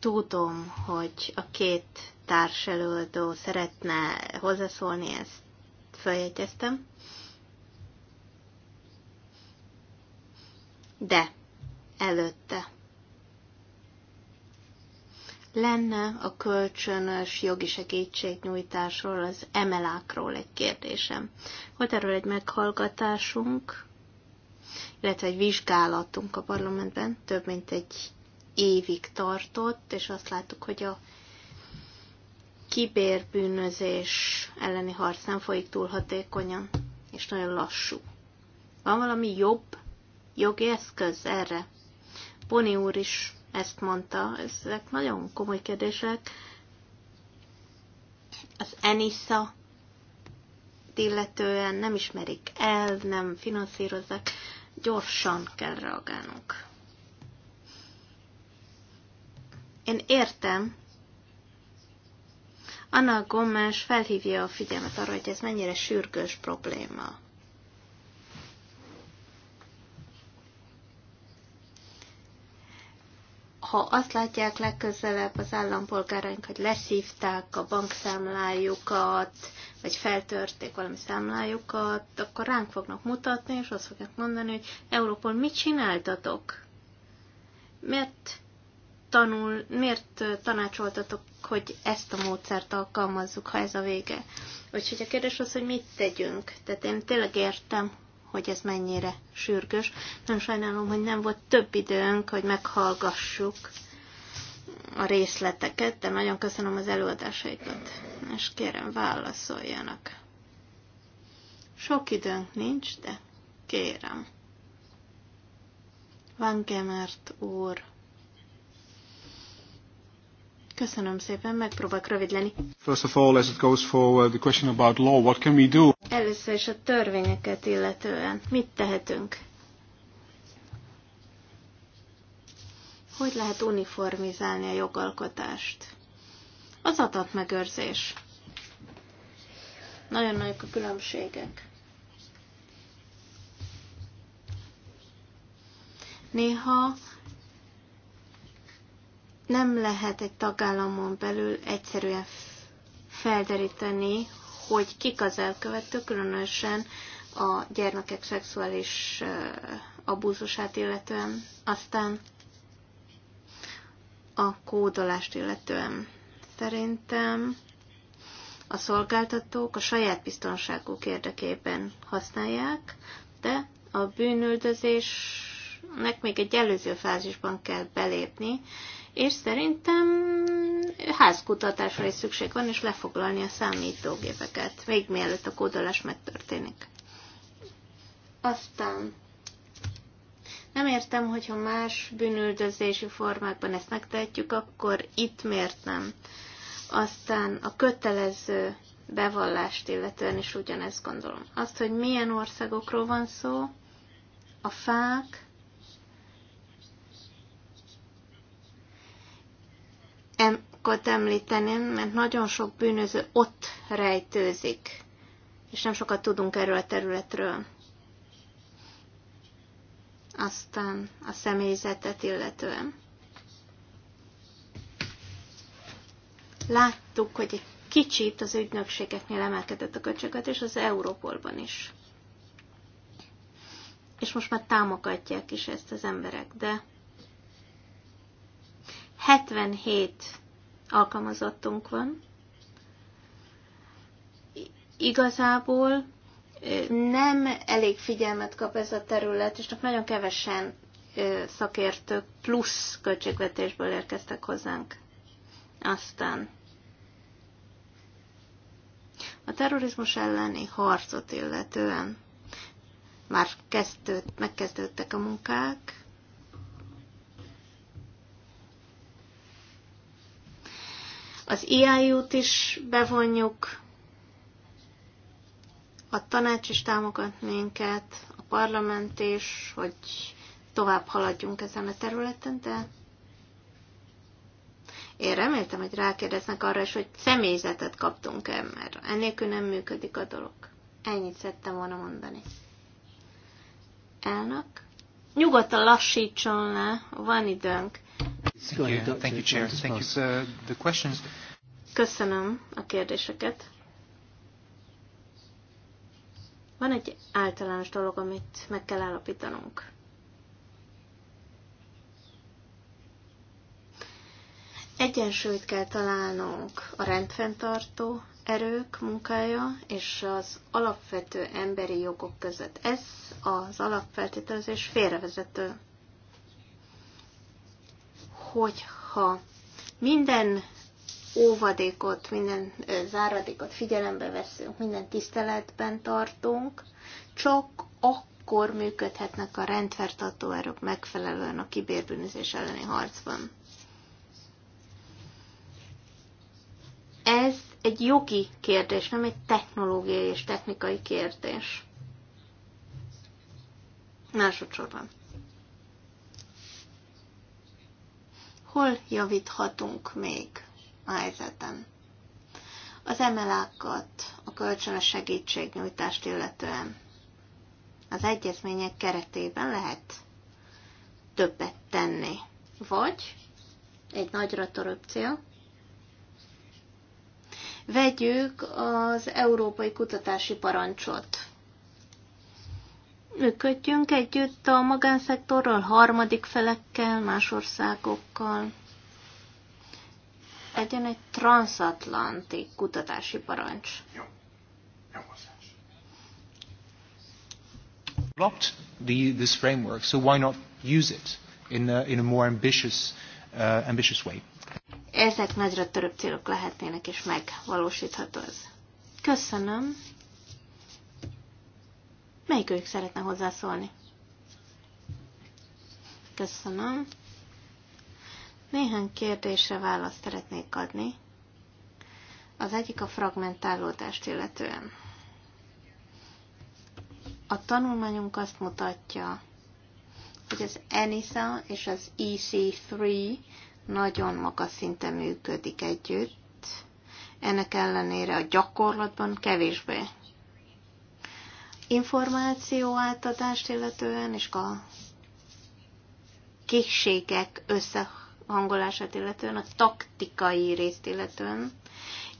[SPEAKER 4] Tudom, hogy a két társelődő szeretne hozzászólni, ezt feljegyeztem. De előtte lenne a kölcsönös jogi segítségnyújtásról, az emelákról egy kérdésem. Volt erről egy meghallgatásunk, illetve egy vizsgálatunk a parlamentben, több mint egy évig tartott, és azt láttuk, hogy a kibérbűnözés elleni harc nem folyik túl hatékonyan, és nagyon lassú. Van valami jobb jogi eszköz erre? Boni úr is ezt mondta. Ezek nagyon komoly kérdések. Az ENISA illetően nem ismerik el, nem finanszírozzák, gyorsan kell reagálnunk. Én értem, Anna Gomes felhívja a figyelmet arra, hogy ez mennyire sürgős probléma. ha azt látják legközelebb az állampolgáraink, hogy leszívták a bankszámlájukat, vagy feltörték valami számlájukat, akkor ránk fognak mutatni, és azt fogják mondani, hogy Európol mit csináltatok? Miért tanul, miért tanácsoltatok, hogy ezt a módszert alkalmazzuk, ha ez a vége? Úgyhogy a kérdés az, hogy mit tegyünk. Tehát én tényleg értem, hogy ez mennyire sürgős. Nem sajnálom, hogy nem volt több időnk, hogy meghallgassuk a részleteket, de nagyon köszönöm az előadásaikat, és kérem válaszoljanak. Sok időnk nincs, de kérem. Van Gemert úr. Köszönöm szépen, megpróbálok rövid lenni.
[SPEAKER 1] First of all, as it goes for uh, the question about law, what can we do?
[SPEAKER 4] Először is a törvényeket illetően. Mit tehetünk? Hogy lehet uniformizálni a jogalkotást? Az adatmegőrzés. Nagyon nagyok a különbségek. Néha nem lehet egy tagállamon belül egyszerűen felderíteni, hogy kik az elkövető, különösen a gyermekek szexuális eh, abúzusát illetően, aztán a kódolást illetően. Szerintem a szolgáltatók a saját biztonságuk érdekében használják, de a bűnüldözésnek még egy előző fázisban kell belépni, és szerintem házkutatásra is szükség van, és lefoglalni a számítógépeket, még mielőtt a kódolás megtörténik. Aztán nem értem, hogyha más bűnüldözési formákban ezt megtehetjük, akkor itt miért nem. Aztán a kötelező bevallást illetően is ugyanezt gondolom. Azt, hogy milyen országokról van szó, a fák, em, bankokat említeném, mert nagyon sok bűnöző ott rejtőzik, és nem sokat tudunk erről a területről. Aztán a személyzetet illetően. Láttuk, hogy egy kicsit az ügynökségeknél emelkedett a köcsöket, és az Európolban is. És most már támogatják is ezt az emberek, de 77 alkalmazottunk van. Igazából nem elég figyelmet kap ez a terület, és csak nagyon kevesen szakértők plusz költségvetésből érkeztek hozzánk. Aztán a terrorizmus elleni harcot illetően már kezdőd, megkezdődtek a munkák, Az e IAU-t is bevonjuk, a tanács is támogat minket, a parlament is, hogy tovább haladjunk ezen a területen, de én reméltem, hogy rákérdeznek arra is, hogy személyzetet kaptunk-e, mert ennélkül nem működik a dolog. Ennyit szerettem volna mondani. Elnök? Nyugodtan lassítson le, van időnk.
[SPEAKER 1] Thank you, thank you, Chair. Thank you. sir. the questions
[SPEAKER 4] Köszönöm a kérdéseket. Van egy általános dolog, amit meg kell állapítanunk. Egyensúlyt kell találnunk a rendfenntartó erők munkája és az alapvető emberi jogok között. Ez az alapfeltételezés félrevezető. Hogyha minden óvadékot, minden záradékot figyelembe veszünk, minden tiszteletben tartunk, csak akkor működhetnek a rendfertartó erők megfelelően a kibérbűnözés elleni harcban. Ez egy jogi kérdés, nem egy technológiai és technikai kérdés. Másodszorban. Hol javíthatunk még? a helyzetem. Az emelákat, a kölcsönös segítségnyújtást illetően az egyezmények keretében lehet többet tenni. Vagy egy nagyra törőbb cél, vegyük az európai kutatási parancsot. Működjünk együtt a magánszektorral, harmadik felekkel, más országokkal legyen egy transatlanti kutatási parancs. Jó.
[SPEAKER 1] Blocked the, this framework, so why not use it in a, in a more ambitious, uh, ambitious way?
[SPEAKER 4] Ezek nagyra törőbb célok lehetnének, és megvalósítható ez. Köszönöm. ők szeretne hozzászólni? Köszönöm. Néhány kérdésre választ szeretnék adni. Az egyik a fragmentálódást illetően. A tanulmányunk azt mutatja, hogy az ENISA és az EC3 nagyon magas szinten működik együtt, ennek ellenére a gyakorlatban kevésbé. Információ átadást illetően és a készségek összehangolása hangolását illetően, a taktikai részt illetően,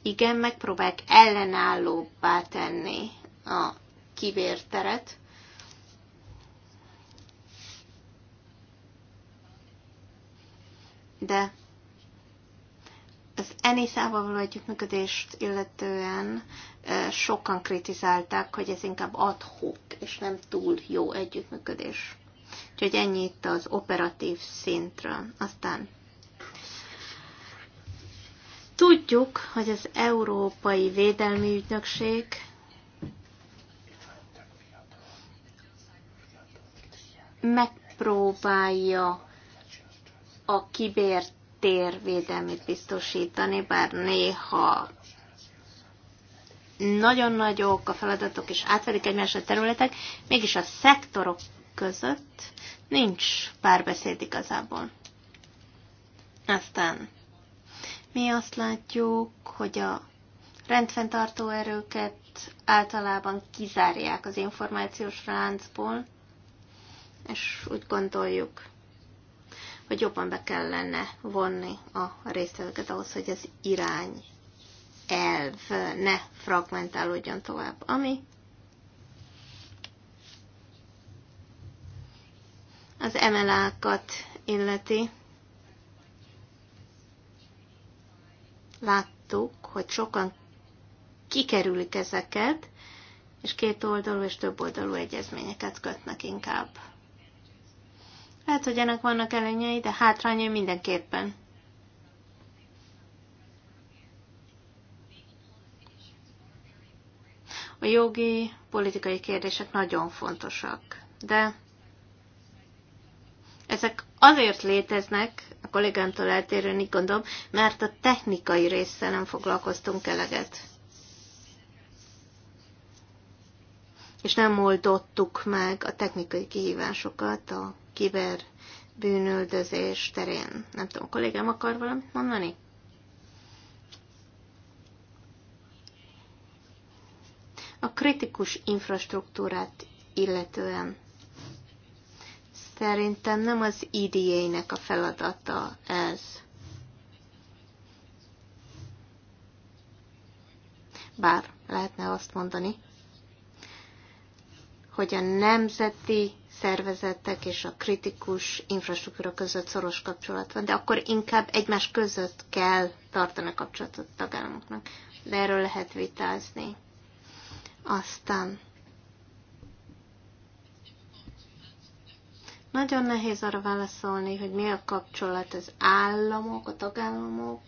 [SPEAKER 4] igen, megpróbálják ellenállóbbá tenni a kivérteret, de az szával való együttműködést illetően sokan kritizálták, hogy ez inkább adhok, és nem túl jó együttműködés. Úgyhogy ennyit az operatív szintről. Aztán Tudjuk, hogy az Európai Védelmi Ügynökség megpróbálja a kibértér védelmét biztosítani, bár néha nagyon nagyok a feladatok, és átverik egymás a területek, mégis a szektorok között nincs párbeszéd igazából. Aztán mi azt látjuk, hogy a rendfenntartó erőket általában kizárják az információs láncból, és úgy gondoljuk, hogy jobban be kellene vonni a résztvevőket ahhoz, hogy az irány elv ne fragmentálódjon tovább. Ami az ML-kat illeti, láttuk, hogy sokan kikerülik ezeket, és két oldalú és több oldalú egyezményeket kötnek inkább. Lehet, hogy ennek vannak előnyei, de hátrányai mindenképpen. A jogi, politikai kérdések nagyon fontosak, de ezek azért léteznek, a kollégámtól eltérően így gondolom, mert a technikai résszel nem foglalkoztunk eleget. És nem oldottuk meg a technikai kihívásokat a kiber bűnöldözés terén. Nem tudom, a kollégám akar valamit mondani? A kritikus infrastruktúrát illetően Szerintem nem az IDA-nek a feladata ez. Bár lehetne azt mondani, hogy a nemzeti szervezetek és a kritikus infrastruktúra között szoros kapcsolat van, de akkor inkább egymás között kell tartani a kapcsolatot a tagállamoknak. De erről lehet vitázni. Aztán Nagyon nehéz arra válaszolni, hogy mi a kapcsolat az államok, a tagállamok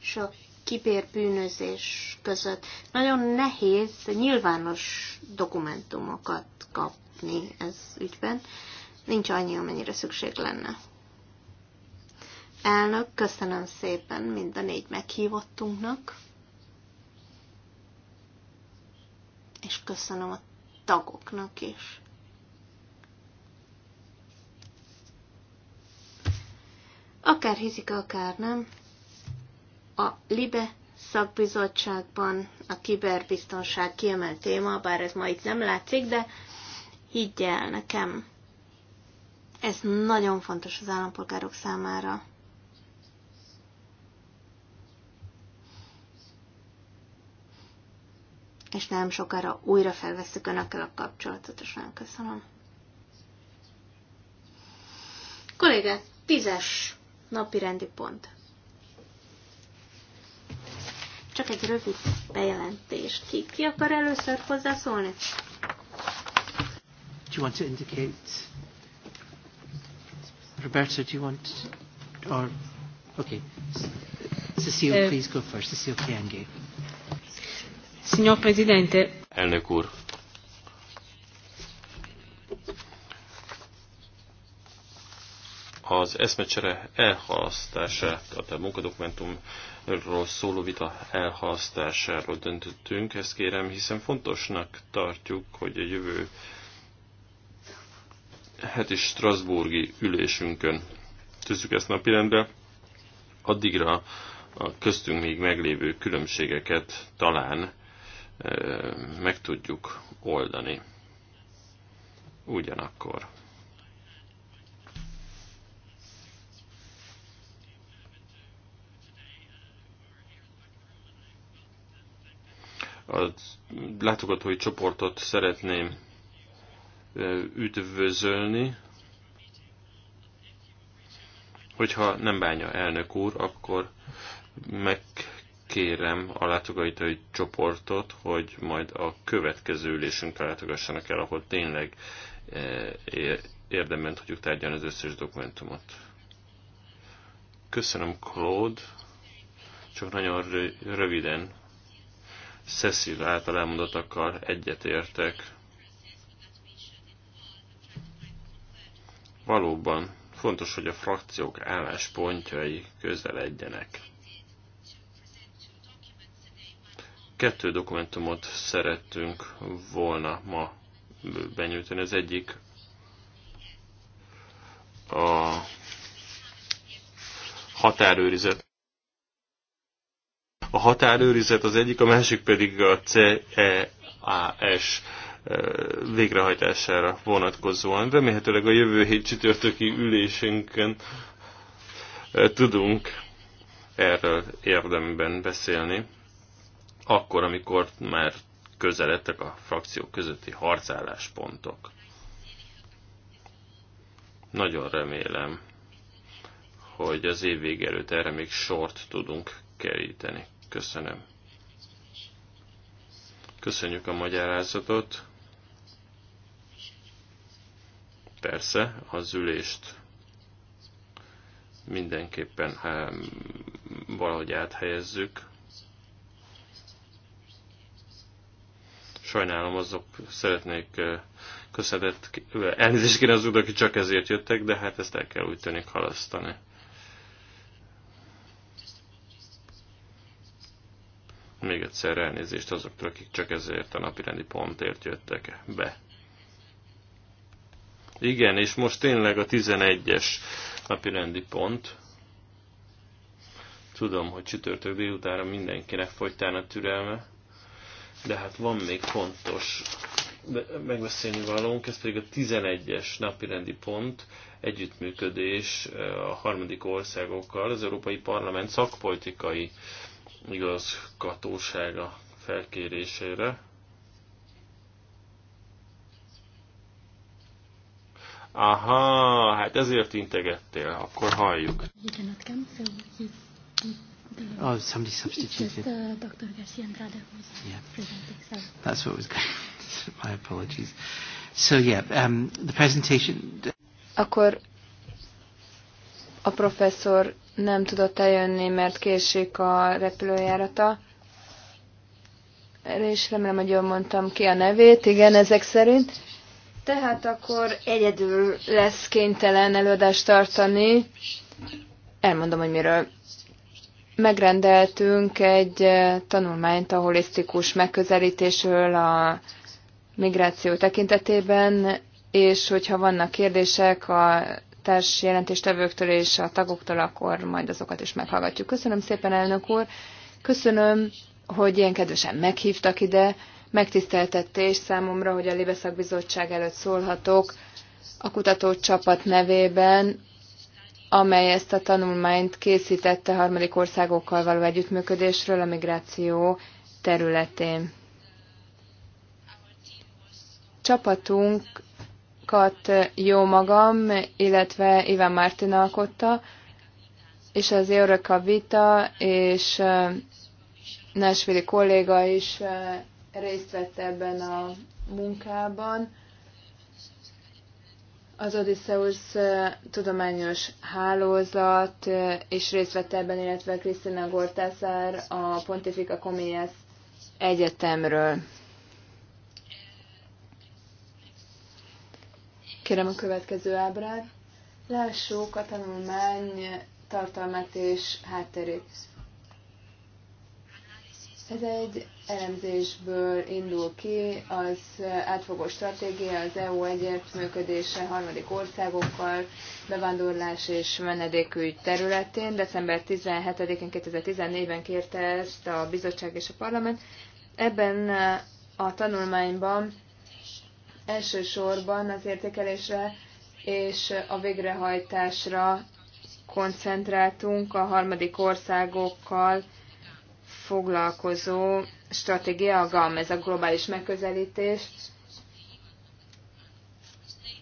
[SPEAKER 4] és a kibérbűnözés között. Nagyon nehéz nyilvános dokumentumokat kapni ez ügyben. Nincs annyi, amennyire szükség lenne. Elnök, köszönöm szépen mind a négy meghívottunknak, és köszönöm a tagoknak is. Akár hiszik, akár nem, a LIBE szakbizottságban a kiberbiztonság kiemelt téma, bár ez ma itt nem látszik, de higgyel nekem, ez nagyon fontos az állampolgárok számára. És nem sokára újra felveszük Önökkel a kapcsolatot, és nagyon köszönöm. Kollégák, tízes napi rendi pont. Csak egy rövid bejelentés. Ki, ki akar először hozzászólni?
[SPEAKER 1] Do you want to indicate? Roberto, do you want? Or okay, Cecile, eh. please go first. Cecile Kienge.
[SPEAKER 4] Signor Presidente.
[SPEAKER 2] Elnök úr, az eszmecsere elhalasztását, a munkadokumentumról szóló vita elhalasztásáról döntöttünk. Ezt kérem, hiszen fontosnak tartjuk, hogy a jövő heti Strasburgi ülésünkön tűzzük ezt napirendbe, Addigra a köztünk még meglévő különbségeket talán eh, meg tudjuk oldani. Ugyanakkor a látogatói csoportot szeretném üdvözölni. Hogyha nem bánja elnök úr, akkor megkérem a látogatói csoportot, hogy majd a következő ülésünkre látogassanak el, ahol tényleg érdemben tudjuk tárgyalni az összes dokumentumot. Köszönöm, Claude. Csak nagyon röviden Cecil által elmondottakkal egyetértek. Valóban fontos, hogy a frakciók álláspontjai közel legyenek. Kettő dokumentumot szerettünk volna ma benyújtani. Az egyik a határőrizet a határőrizet az egyik, a másik pedig a CEAS eh, végrehajtására vonatkozóan. Remélhetőleg a jövő hét csütörtöki ülésünkön eh, tudunk erről érdemben beszélni, akkor, amikor már közeledtek a frakciók közötti harcálláspontok. Nagyon remélem, hogy az év vége előtt erre még sort tudunk keríteni. Köszönöm. Köszönjük a magyarázatot. Persze, az ülést mindenképpen hát, valahogy áthelyezzük. Sajnálom, azok szeretnék eh, köszönetet, elnézést kéne azoknak, akik csak ezért jöttek, de hát ezt el kell úgy tűnik halasztani. Még egyszer elnézést azoktól, akik csak ezért a napirendi pontért jöttek be. Igen, és most tényleg a 11-es napirendi pont. Tudom, hogy csütörtök délutára mindenkinek fogytán a türelme, de hát van még fontos megbeszélni valónk, ez pedig a 11-es napirendi pont, együttműködés eh, a harmadik országokkal, az Európai Parlament szakpolitikai igazgatósága felkérésére. Aha, hát ezért integettél, akkor halljuk.
[SPEAKER 1] Oh, somebody substituted. Just, uh, Dr. yeah. That's what was going. My apologies. So yeah, um, the presentation.
[SPEAKER 3] Akkor a professzor nem tudott eljönni, mert késik a repülőjárata. Erre is remélem, hogy jól mondtam ki a nevét, igen, ezek szerint.
[SPEAKER 4] Tehát akkor egyedül lesz
[SPEAKER 3] kénytelen előadást tartani. Elmondom, hogy miről. Megrendeltünk egy eh, tanulmányt a holisztikus megközelítésről a migráció tekintetében, és hogyha vannak kérdések a társ jelentéstevőktől és a tagoktól, akkor majd azokat is meghallgatjuk. Köszönöm szépen, elnök úr! Köszönöm, hogy ilyen kedvesen meghívtak ide, megtiszteltetés számomra, hogy a Libeszak Bizottság előtt szólhatok a kutatócsapat nevében, amely ezt a tanulmányt készítette harmadik országokkal való együttműködésről a migráció területén. Csapatunk javaslatokat jó magam, illetve Iván Mártin alkotta, és az Eureka Vita és Násvili kolléga is részt vett ebben a munkában. Az Odysseus tudományos hálózat és részt vett ebben, illetve Krisztina Gortászár a Pontifika Comillas Egyetemről. Kérem a következő ábrát. Lássuk a tanulmány tartalmát és hátterét. Ez egy elemzésből indul ki, az átfogó stratégia az EU együttműködése harmadik országokkal, bevándorlás és menedékügy területén. December 17-én 2014-ben kérte ezt a bizottság és a parlament. Ebben a tanulmányban elsősorban az értékelésre és a végrehajtásra koncentráltunk a harmadik országokkal foglalkozó stratégia, a GAM, ez a globális megközelítés.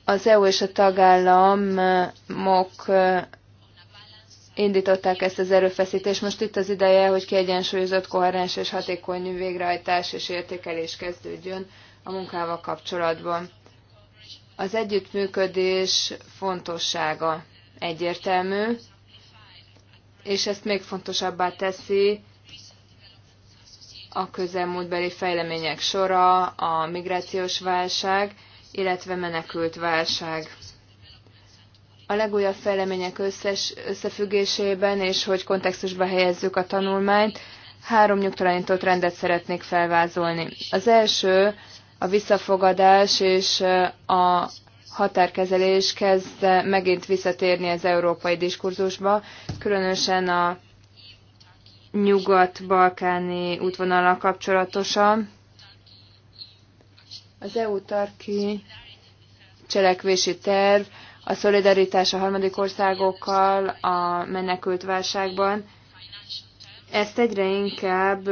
[SPEAKER 3] Az EU és a tagállamok indították ezt az erőfeszítést. Most itt az ideje, hogy kiegyensúlyozott, koherens és hatékony végrehajtás és értékelés kezdődjön a munkával kapcsolatban. Az együttműködés fontossága egyértelmű, és ezt még fontosabbá teszi a közelmúltbeli fejlemények sora, a migrációs válság, illetve menekült válság. A legújabb fejlemények összes, összefüggésében, és hogy kontextusba helyezzük a tanulmányt, három nyugtalanított rendet szeretnék felvázolni. Az első a visszafogadás és a határkezelés kezd megint visszatérni az európai diskurzusba, különösen a nyugat-balkáni útvonalak kapcsolatosan. Az EU-tarki cselekvési terv, a szolidaritás a harmadik országokkal a menekült válságban, ezt egyre inkább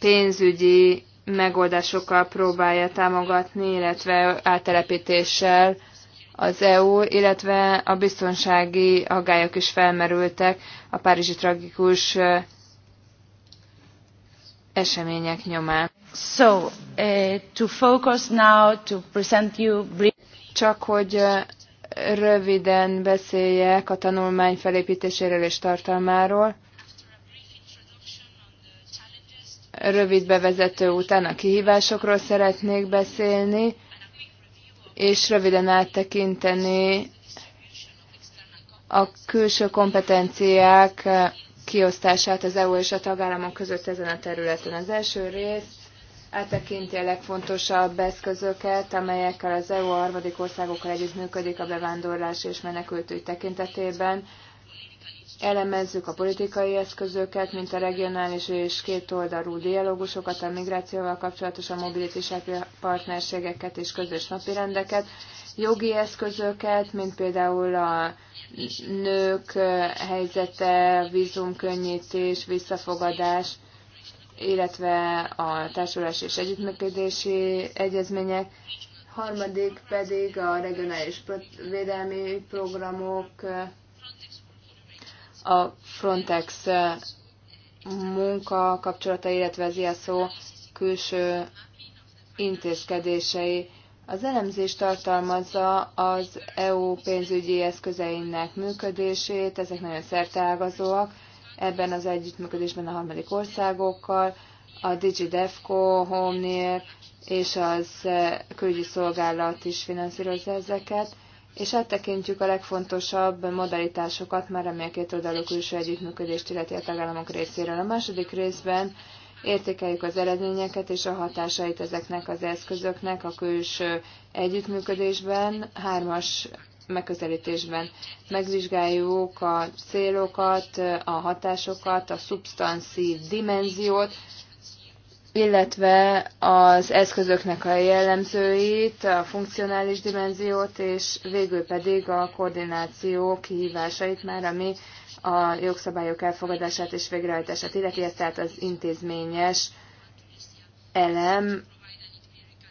[SPEAKER 3] pénzügyi megoldásokkal próbálja támogatni, illetve áttelepítéssel az EU, illetve a biztonsági aggályok is felmerültek a párizsi tragikus eh, események nyomán. So, uh, to focus now, to present you Csak hogy eh, röviden beszéljek a tanulmány felépítéséről és tartalmáról. rövid bevezető után a kihívásokról szeretnék beszélni, és röviden áttekinteni a külső kompetenciák kiosztását az EU és a tagállamok között ezen a területen. Az első rész áttekinti a legfontosabb eszközöket, amelyekkel az EU a harmadik országokkal együtt működik a bevándorlás és menekültügy tekintetében, elemezzük a politikai eszközöket, mint a regionális és kétoldalú dialógusokat, a migrációval kapcsolatos a mobilitási partnerségeket és közös napirendeket, jogi eszközöket, mint például a nők helyzete, vízumkönnyítés, visszafogadás, illetve a társulás és együttműködési egyezmények, harmadik pedig a regionális védelmi programok, a Frontex eh, munka kapcsolata, illetve az ISO külső intézkedései. Az elemzés tartalmazza az EU pénzügyi eszközeinek működését, ezek nagyon szerteágazóak, ebben az együttműködésben a harmadik országokkal, a DigiDefco, Homnir és az eh, külügyi szolgálat is finanszírozza ezeket és áttekintjük a legfontosabb modalitásokat, már ami a kétoldalú külső együttműködést illeti a tagállamok részéről. A második részben értékeljük az eredményeket és a hatásait ezeknek az eszközöknek a külső együttműködésben, hármas megközelítésben. Megvizsgáljuk a célokat, a hatásokat, a szubstanszív dimenziót, illetve az eszközöknek a jellemzőit, a funkcionális dimenziót, és végül pedig a koordináció kihívásait már, ami a jogszabályok elfogadását és végrehajtását illeti, ez tehát az intézményes elem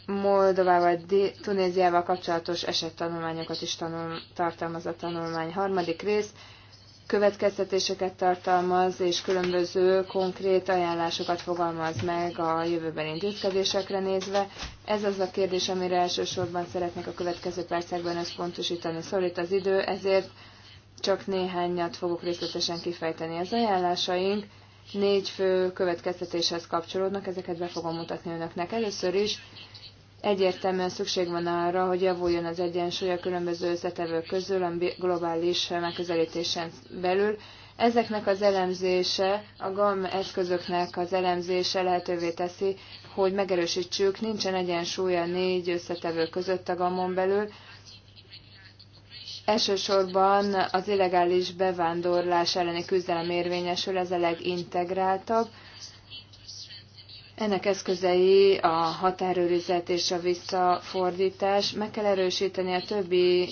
[SPEAKER 3] Moldovával, Tunéziával kapcsolatos esettanulmányokat is tanul, tartalmaz a tanulmány. Harmadik rész, következtetéseket tartalmaz, és különböző konkrét ajánlásokat fogalmaz meg a jövőben intézkedésekre nézve. Ez az a kérdés, amire elsősorban szeretnék a következő percekben összpontosítani. Szorít szóval az idő, ezért csak néhányat fogok részletesen kifejteni. Az ajánlásaink négy fő következtetéshez kapcsolódnak, ezeket be fogom mutatni önöknek. Először is Egyértelműen szükség van arra, hogy javuljon az egyensúly a különböző összetevők közül a globális megközelítésen belül. Ezeknek az elemzése, a GAM eszközöknek az elemzése lehetővé teszi, hogy megerősítsük, nincsen egyensúly a négy összetevő között a GAM-on belül, Elsősorban az illegális bevándorlás elleni küzdelem érvényesül, ez a legintegráltabb. Ennek eszközei a határőrizet és a visszafordítás. Meg kell erősíteni a többi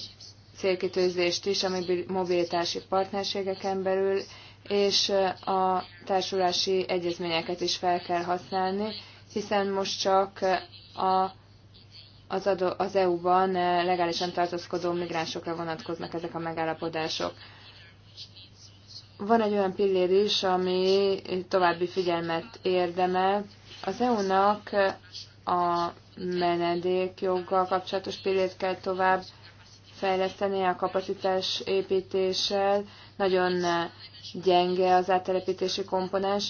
[SPEAKER 3] célkitőzést is, ami mobilitási partnerségeken belül, és a társulási egyezményeket is fel kell használni, hiszen most csak a, az, az EU-ban legálisan tartózkodó migránsokra vonatkoznak ezek a megállapodások. Van egy olyan pillér is, ami további figyelmet érdemel, az EU-nak a menedékjoggal kapcsolatos pillét kell tovább fejleszteni a kapacitás építéssel. Nagyon gyenge az áttelepítési komponens,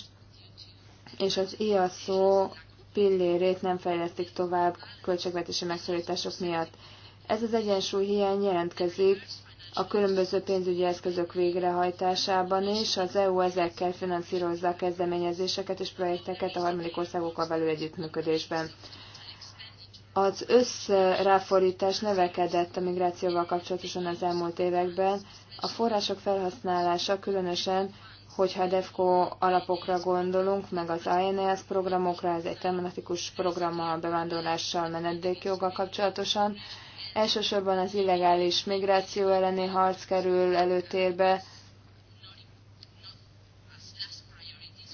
[SPEAKER 3] és az IASZO pillérét nem fejlesztik tovább költségvetési megszorítások miatt. Ez az egyensúly hiány jelentkezik a különböző pénzügyi eszközök végrehajtásában is. Az EU ezekkel finanszírozza a kezdeményezéseket és projekteket a harmadik országokkal belül együttműködésben. Az összráforítás növekedett a migrációval kapcsolatosan az elmúlt években. A források felhasználása különösen, hogyha a DEFCO alapokra gondolunk, meg az INS programokra, ez egy tematikus program a bevándorlással, menedékjoggal kapcsolatosan, Elsősorban az illegális migráció elleni harc kerül előtérbe,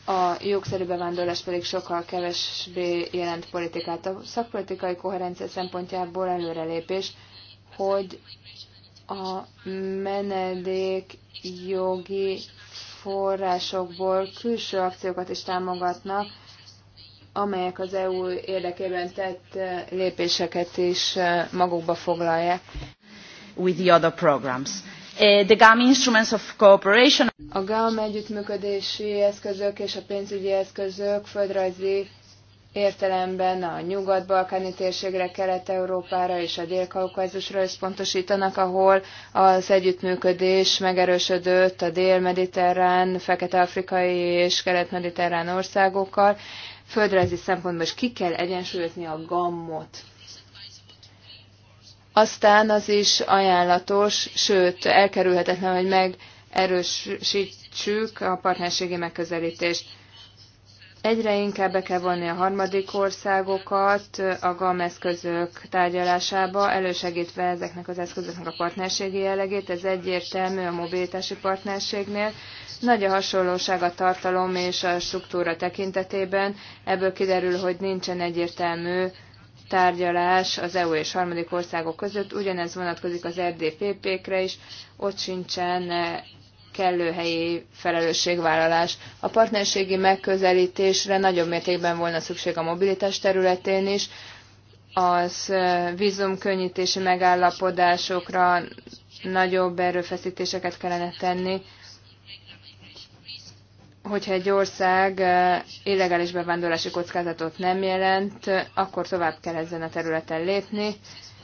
[SPEAKER 3] a jogszerű bevándorlás pedig sokkal kevesbé jelent politikát. A szakpolitikai koherencia szempontjából előrelépés, hogy a menedék jogi forrásokból külső akciókat is támogatnak, amelyek az EU érdekében tett eh, lépéseket is eh, magukba foglalják. With the other programs.
[SPEAKER 2] Eh, the GAM instruments of
[SPEAKER 3] cooperation. A GAM együttműködési eszközök és a pénzügyi eszközök földrajzi értelemben a nyugat-balkáni térségre, Kelet-Európára és a Dél-Kaukázusra összpontosítanak, ahol az együttműködés megerősödött a Dél-Mediterrán, Fekete-Afrikai és Kelet-Mediterrán országokkal, földrajzi szempontból is ki kell egyensúlyozni a gammot. Aztán az is ajánlatos, sőt elkerülhetetlen, hogy megerősítsük a partnerségi megközelítést. Egyre inkább be kell vonni a harmadik országokat a GAM eszközök tárgyalásába, elősegítve ezeknek az eszközöknek a partnerségi jellegét. Ez egyértelmű a mobilitási partnerségnél. Nagy a hasonlóság a tartalom és a struktúra tekintetében. Ebből kiderül, hogy nincsen egyértelmű tárgyalás az EU és harmadik országok között. Ugyanez vonatkozik az RDPP-kre is. Ott sincsen kellő helyi felelősségvállalás. A partnerségi megközelítésre nagyobb mértékben volna szükség a mobilitás területén is, az vízumkönnyítési megállapodásokra nagyobb erőfeszítéseket kellene tenni, hogyha egy ország illegális bevándorlási kockázatot nem jelent, akkor tovább kell ezen a területen lépni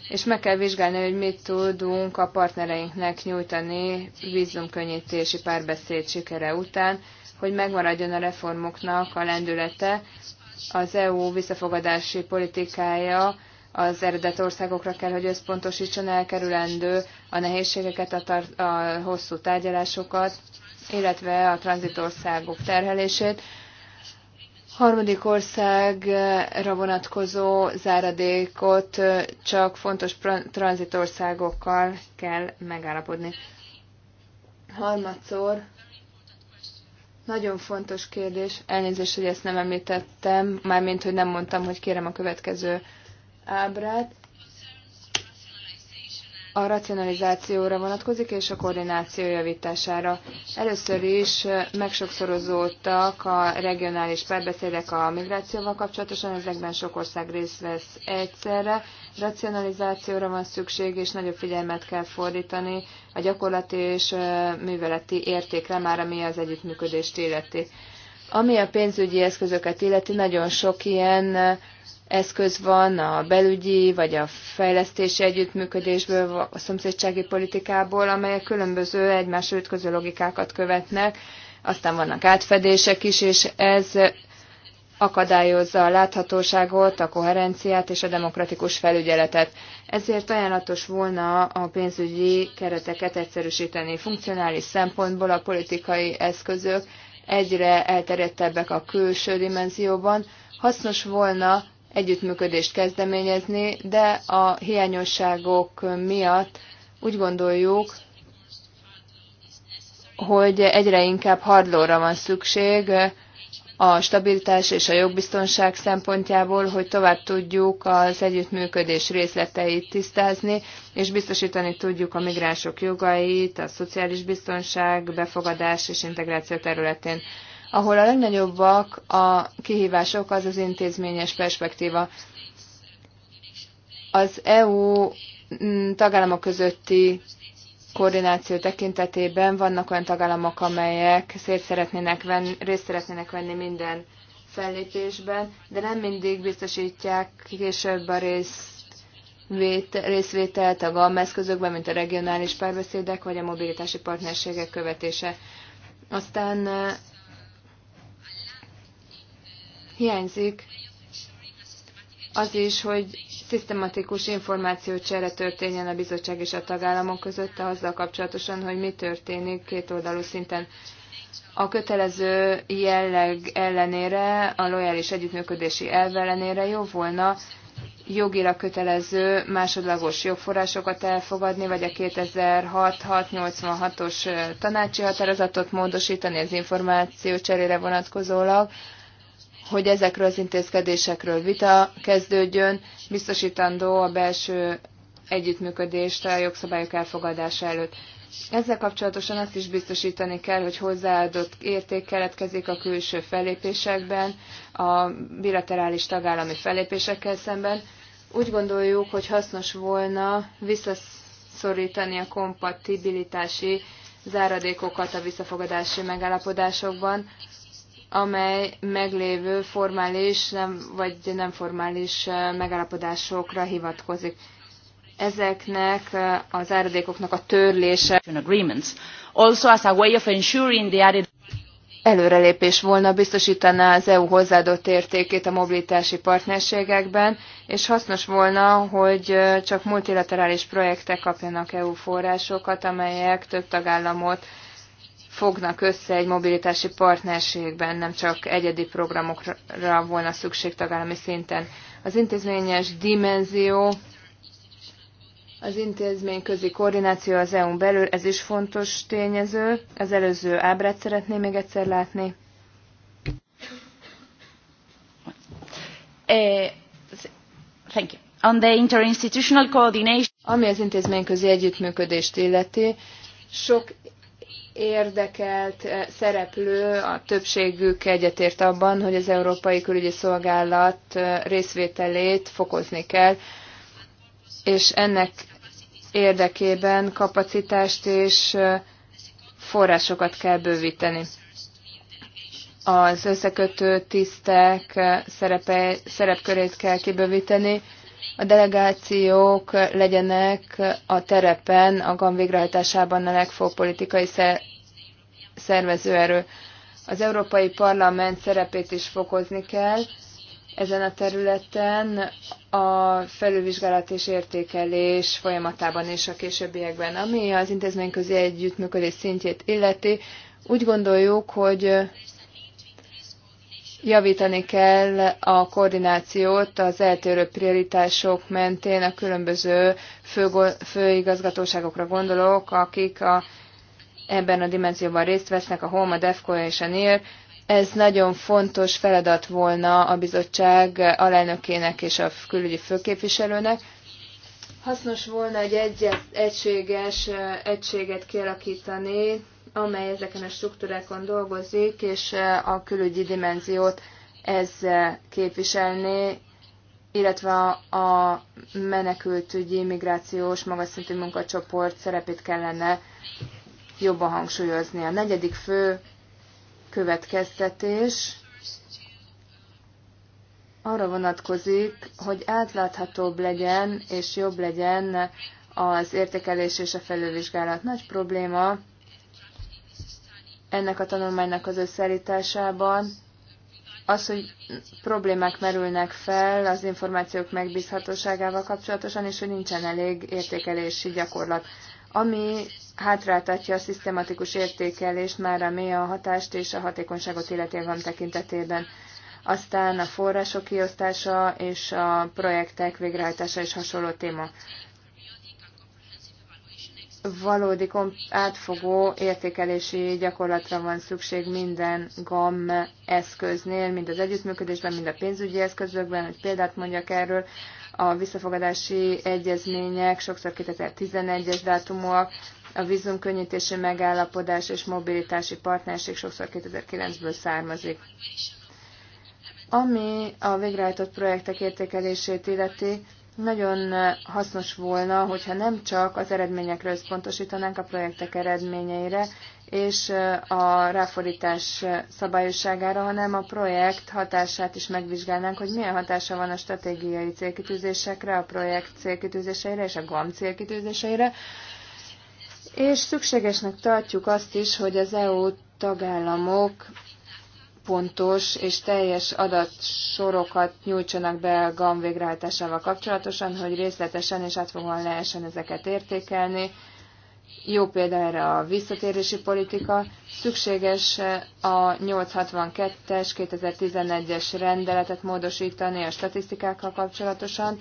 [SPEAKER 3] és meg kell vizsgálni, hogy mit tudunk a partnereinknek nyújtani vízumkönnyítési párbeszéd sikere után, hogy megmaradjon a reformoknak a lendülete. Az EU visszafogadási politikája az eredet országokra kell, hogy összpontosítson elkerülendő a nehézségeket, a, tar- a hosszú tárgyalásokat, illetve a tranzitországok terhelését harmadik országra vonatkozó záradékot csak fontos tranzitországokkal kell megállapodni. Harmadszor, nagyon fontos kérdés, elnézést, hogy ezt nem említettem, mármint, hogy nem mondtam, hogy kérem a következő ábrát a racionalizációra vonatkozik és a koordináció javítására. Először is megsokszorozódtak a regionális párbeszédek a migrációval kapcsolatosan, ezekben sok ország részt vesz egyszerre. Racionalizációra van szükség, és nagyobb figyelmet kell fordítani a gyakorlati és műveleti értékre, már ami az együttműködést illeti. Ami a pénzügyi eszközöket illeti, nagyon sok ilyen eszköz van a belügyi vagy a fejlesztési együttműködésből, a szomszédsági politikából, amelyek különböző egymás ütköző logikákat követnek, aztán vannak átfedések is, és ez akadályozza a láthatóságot, a koherenciát és a demokratikus felügyeletet. Ezért ajánlatos volna a pénzügyi kereteket egyszerűsíteni. Funkcionális szempontból a politikai eszközök egyre elterjedtebbek a külső dimenzióban. Hasznos volna együttműködést kezdeményezni, de a hiányosságok miatt úgy gondoljuk, hogy egyre inkább hardlóra van szükség a stabilitás és a jogbiztonság szempontjából, hogy tovább tudjuk az együttműködés részleteit tisztázni, és biztosítani tudjuk a migránsok jogait, a szociális biztonság, befogadás és integráció területén ahol a legnagyobbak a kihívások, az az intézményes perspektíva. Az EU mm, tagállamok közötti koordináció tekintetében vannak olyan tagállamok, amelyek szét szeretnének venni, részt szeretnének venni minden fellépésben, de nem mindig biztosítják később a részt vét, részvételt a GAM eszközökben, mint a regionális párbeszédek vagy a mobilitási partnerségek követése. Aztán hiányzik az is, hogy szisztematikus információcsere történjen a bizottság és a tagállamok között azzal kapcsolatosan, hogy mi történik két oldalú szinten. A kötelező jelleg ellenére, a lojális együttműködési elv ellenére jó volna jogira kötelező másodlagos jogforrásokat elfogadni, vagy a 2006 686 os tanácsi határozatot módosítani az információ cserére vonatkozólag, hogy ezekről az intézkedésekről vita kezdődjön, biztosítandó a belső együttműködést a jogszabályok elfogadása előtt. Ezzel kapcsolatosan azt is biztosítani kell, hogy hozzáadott érték keletkezik a külső fellépésekben, a bilaterális tagállami fellépésekkel szemben. Úgy gondoljuk, hogy hasznos volna visszaszorítani a kompatibilitási záradékokat a visszafogadási megállapodásokban, amely meglévő formális nem, vagy nem formális megállapodásokra hivatkozik. Ezeknek az áradékoknak a törlése also as a way of ensuring the added előrelépés volna, biztosítaná az EU hozzáadott értékét a mobilitási partnerségekben, és hasznos volna, hogy csak multilaterális projektek kapjanak EU forrásokat, amelyek több tagállamot fognak össze egy mobilitási partnerségben, nem csak egyedi programokra volna szükség tagállami szinten. Az intézményes dimenzió, az intézményközi koordináció az EU-n belül, ez is fontos tényező. Az előző ábrát szeretném még egyszer látni. Eh, thank you. On the interinstitutional coordination. Ami az intézményközi együttműködést illeti, sok érdekelt eh, szereplő, a többségük egyetért abban, hogy az Európai Külügyi Szolgálat eh, részvételét fokozni kell, és ennek érdekében kapacitást és eh, forrásokat kell bővíteni. Az összekötő tisztek szerepe, szerepkörét kell kibővíteni, a delegációk legyenek a terepen, a GAM végrehajtásában a legfőbb politikai szervezőerő. Az Európai Parlament szerepét is fokozni kell ezen a területen, a felülvizsgálat és értékelés folyamatában és a későbbiekben. Ami az intézményközi együttműködés szintjét illeti, úgy gondoljuk, hogy Javítani kell a koordinációt az eltérő prioritások mentén a különböző fő, főigazgatóságokra gondolok, akik a, ebben a dimenzióban részt vesznek, a HOMA, DEFCO és a NIR. Ez nagyon fontos feladat volna a bizottság alelnökének és a külügyi főképviselőnek. Hasznos volna egy egyet, egységes egységet kialakítani amely ezeken a struktúrákon dolgozik, és eh, a külügyi dimenziót ez eh, képviselné, illetve a menekültügyi, migrációs, magas szintű munkacsoport szerepét kellene jobban hangsúlyozni. A negyedik fő következtetés arra vonatkozik, hogy átláthatóbb legyen és jobb legyen az értékelés és a felülvizsgálat. Nagy probléma ennek a tanulmánynak az összeállításában az, hogy problémák merülnek fel az információk megbízhatóságával kapcsolatosan, és hogy nincsen elég értékelési gyakorlat. Ami hátráltatja a szisztematikus értékelést már mély a hatást és a hatékonyságot illetében tekintetében. Aztán a források kiosztása és a projektek végrehajtása is hasonló téma valódi átfogó értékelési gyakorlatra van szükség minden GAM eszköznél, mind az együttműködésben, mind a pénzügyi eszközökben, hogy példát mondjak erről, a visszafogadási egyezmények, sokszor 2011-es dátumúak, a vízumkönnyítési megállapodás és mobilitási partnerség sokszor 2009-ből származik. Ami a végrehajtott projektek értékelését illeti, nagyon hasznos volna, hogyha nem csak az eredményekre összpontosítanánk a projektek eredményeire, és a ráfordítás szabályosságára, hanem a projekt hatását is megvizsgálnánk, hogy milyen hatása van a stratégiai célkitűzésekre, a projekt célkitűzéseire és a GAM célkitűzéseire. És szükségesnek tartjuk azt is, hogy az EU tagállamok pontos és teljes adatsorokat nyújtsanak be a GAM végrehajtásával kapcsolatosan, hogy részletesen és átfogóan lehessen ezeket értékelni. Jó példa erre a visszatérési politika. Szükséges a 862-es 2011-es rendeletet módosítani a statisztikákkal kapcsolatosan,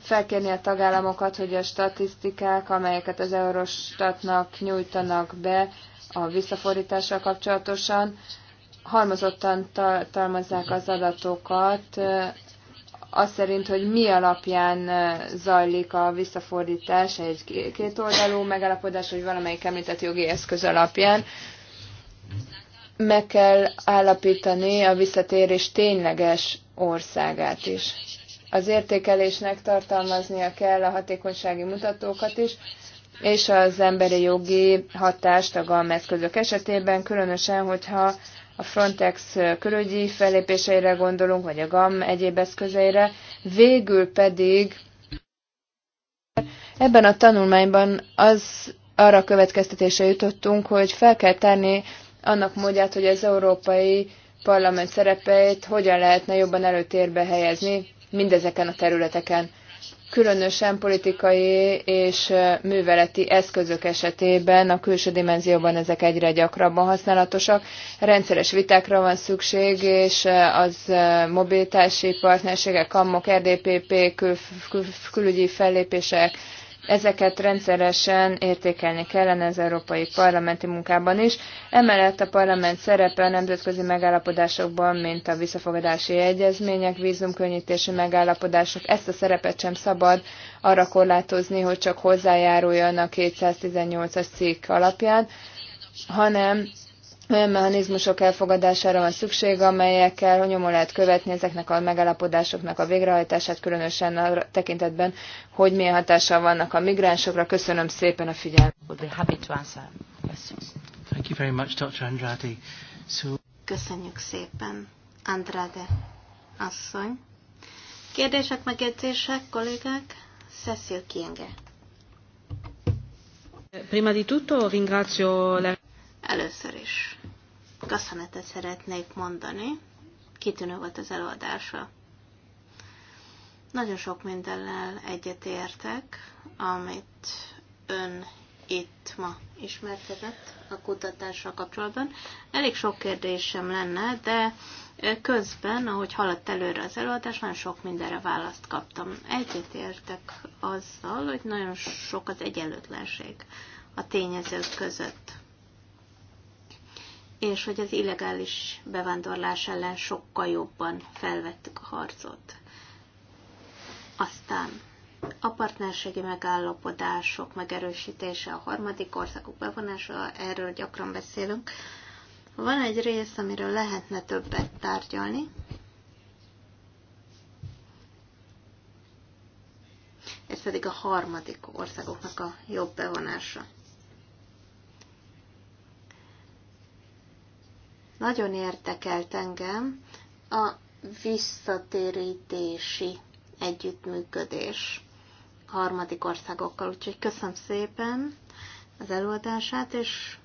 [SPEAKER 3] felkérni a tagállamokat, hogy a statisztikák, amelyeket az Eurostatnak nyújtanak be a visszafordítással kapcsolatosan, halmozottan tartalmazzák az adatokat, az szerint, hogy mi alapján zajlik a visszafordítás egy kétoldalú megállapodás, vagy valamelyik említett jogi eszköz alapján, meg kell állapítani a visszatérés tényleges országát is. Az értékelésnek tartalmaznia kell a hatékonysági mutatókat is, és az emberi jogi hatást a GAM esetében, különösen, hogyha a Frontex külügyi fellépéseire gondolunk, vagy a GAM egyéb eszközeire, végül pedig ebben a tanulmányban az arra következtetése jutottunk, hogy fel kell tenni annak módját, hogy az Európai Parlament szerepeit hogyan lehetne jobban előtérbe helyezni mindezeken a területeken különösen politikai és műveleti eszközök esetében a külső dimenzióban ezek egyre gyakrabban használatosak. Rendszeres vitákra van szükség, és az mobilitási partnerségek, kammok, RDPP, kül, kül, külügyi fellépések, Ezeket rendszeresen értékelni kellene az európai parlamenti munkában is. Emellett a parlament szerepe a nemzetközi megállapodásokban, mint a visszafogadási egyezmények, vízumkönnyítési megállapodások, ezt a szerepet sem szabad arra korlátozni, hogy csak hozzájáruljon a 218-as cikk alapján, hanem olyan mechanizmusok elfogadására van szükség, amelyekkel nyomon lehet követni ezeknek a megállapodásoknak a végrehajtását, különösen a tekintetben, hogy milyen hatással vannak a migránsokra. Köszönöm szépen a figyelmet.
[SPEAKER 1] Thank you very much, Dr. Andrade. So...
[SPEAKER 4] Köszönjük szépen, Andrade asszony. Kérdések, megjegyzések, kollégák? Cecil Kienge. Prima di tutto ringrazio la... Először is köszönetet szeretnék mondani. Kitűnő volt az előadása. Nagyon sok mindennel egyetértek, amit ön itt ma ismertetett a kutatással kapcsolatban. Elég sok kérdésem lenne, de közben, ahogy haladt előre az előadás, nagyon sok mindenre választ kaptam. Egyetértek azzal, hogy nagyon sok az egyenlőtlenség a tényezők között és hogy az illegális bevándorlás ellen sokkal jobban felvettük a harcot. Aztán a partnerségi megállapodások megerősítése, a harmadik országok bevonása, erről gyakran beszélünk. Van egy rész, amiről lehetne többet tárgyalni. Ez pedig a harmadik országoknak a jobb bevonása. Nagyon értekelt engem a visszatérítési együttműködés harmadik országokkal. Úgyhogy köszönöm szépen az előadását, és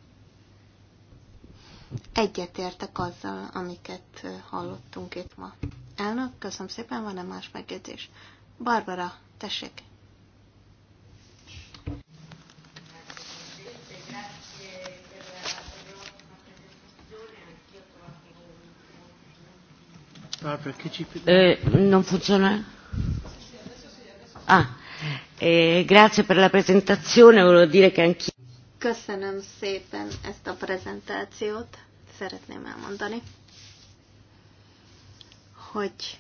[SPEAKER 4] egyetértek azzal, amiket hallottunk itt ma. Elnök, köszönöm szépen, van-e más megjegyzés? Barbara, tessék!
[SPEAKER 1] eh, non funziona?
[SPEAKER 4] Ah, eh, grazie per la
[SPEAKER 1] presentazione,
[SPEAKER 4] volevo dire che anch'io... Köszönöm szépen ezt a prezentációt, szeretném elmondani, hogy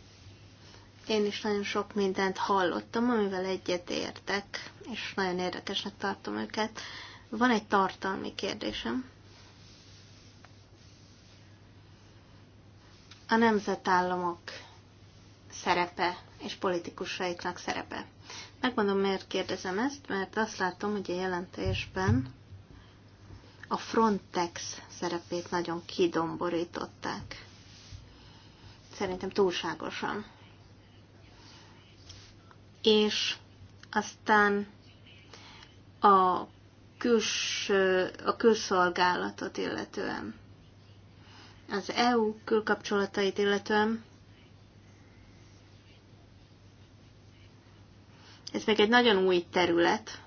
[SPEAKER 4] én is nagyon sok mindent hallottam, amivel egyetértek, és nagyon érdekesnek tartom őket. Van egy tartalmi kérdésem. a nemzetállamok szerepe és politikusaiknak szerepe. Megmondom, miért kérdezem ezt, mert azt látom, hogy a jelentésben a Frontex szerepét nagyon kidomborították. Szerintem túlságosan. És aztán a, küls, a külszolgálatot illetően az EU külkapcsolatait illetően. Ez még egy nagyon új terület.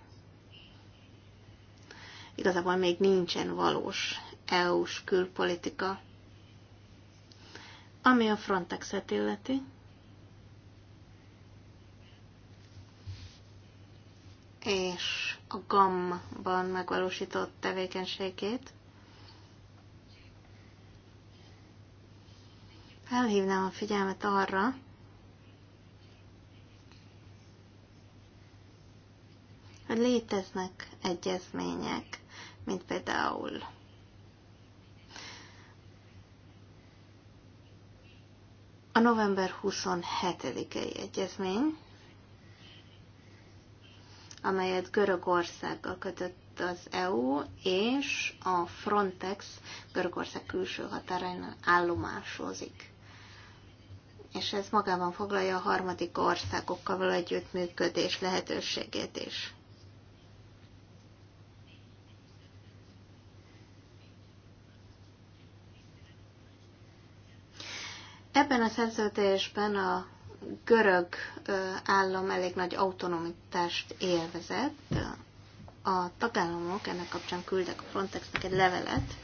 [SPEAKER 4] Igazából még nincsen valós EU-s külpolitika. Ami a Frontexet illeti, és a GAM-ban megvalósított tevékenységét, Felhívnám a figyelmet arra, hogy léteznek egyezmények, mint például a november 27-i egyezmény, amelyet Görögországgal kötött az EU és a Frontex Görögország külső határain állomásozik és ez magában foglalja a harmadik országokkal való együttműködés lehetőségét is. Ebben a szerződésben a görög állam elég nagy autonomitást élvezett. A tagállamok ennek kapcsán küldtek a Frontexnek egy levelet,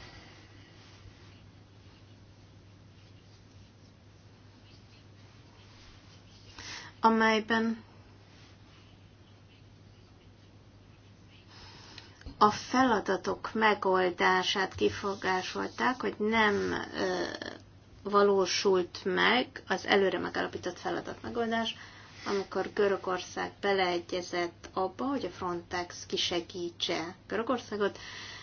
[SPEAKER 4] amelyben a feladatok megoldását kifogásolták, hogy nem ö, valósult meg az előre megállapított feladat megoldás, amikor Görögország beleegyezett abba, hogy a Frontex kisegítse Görögországot,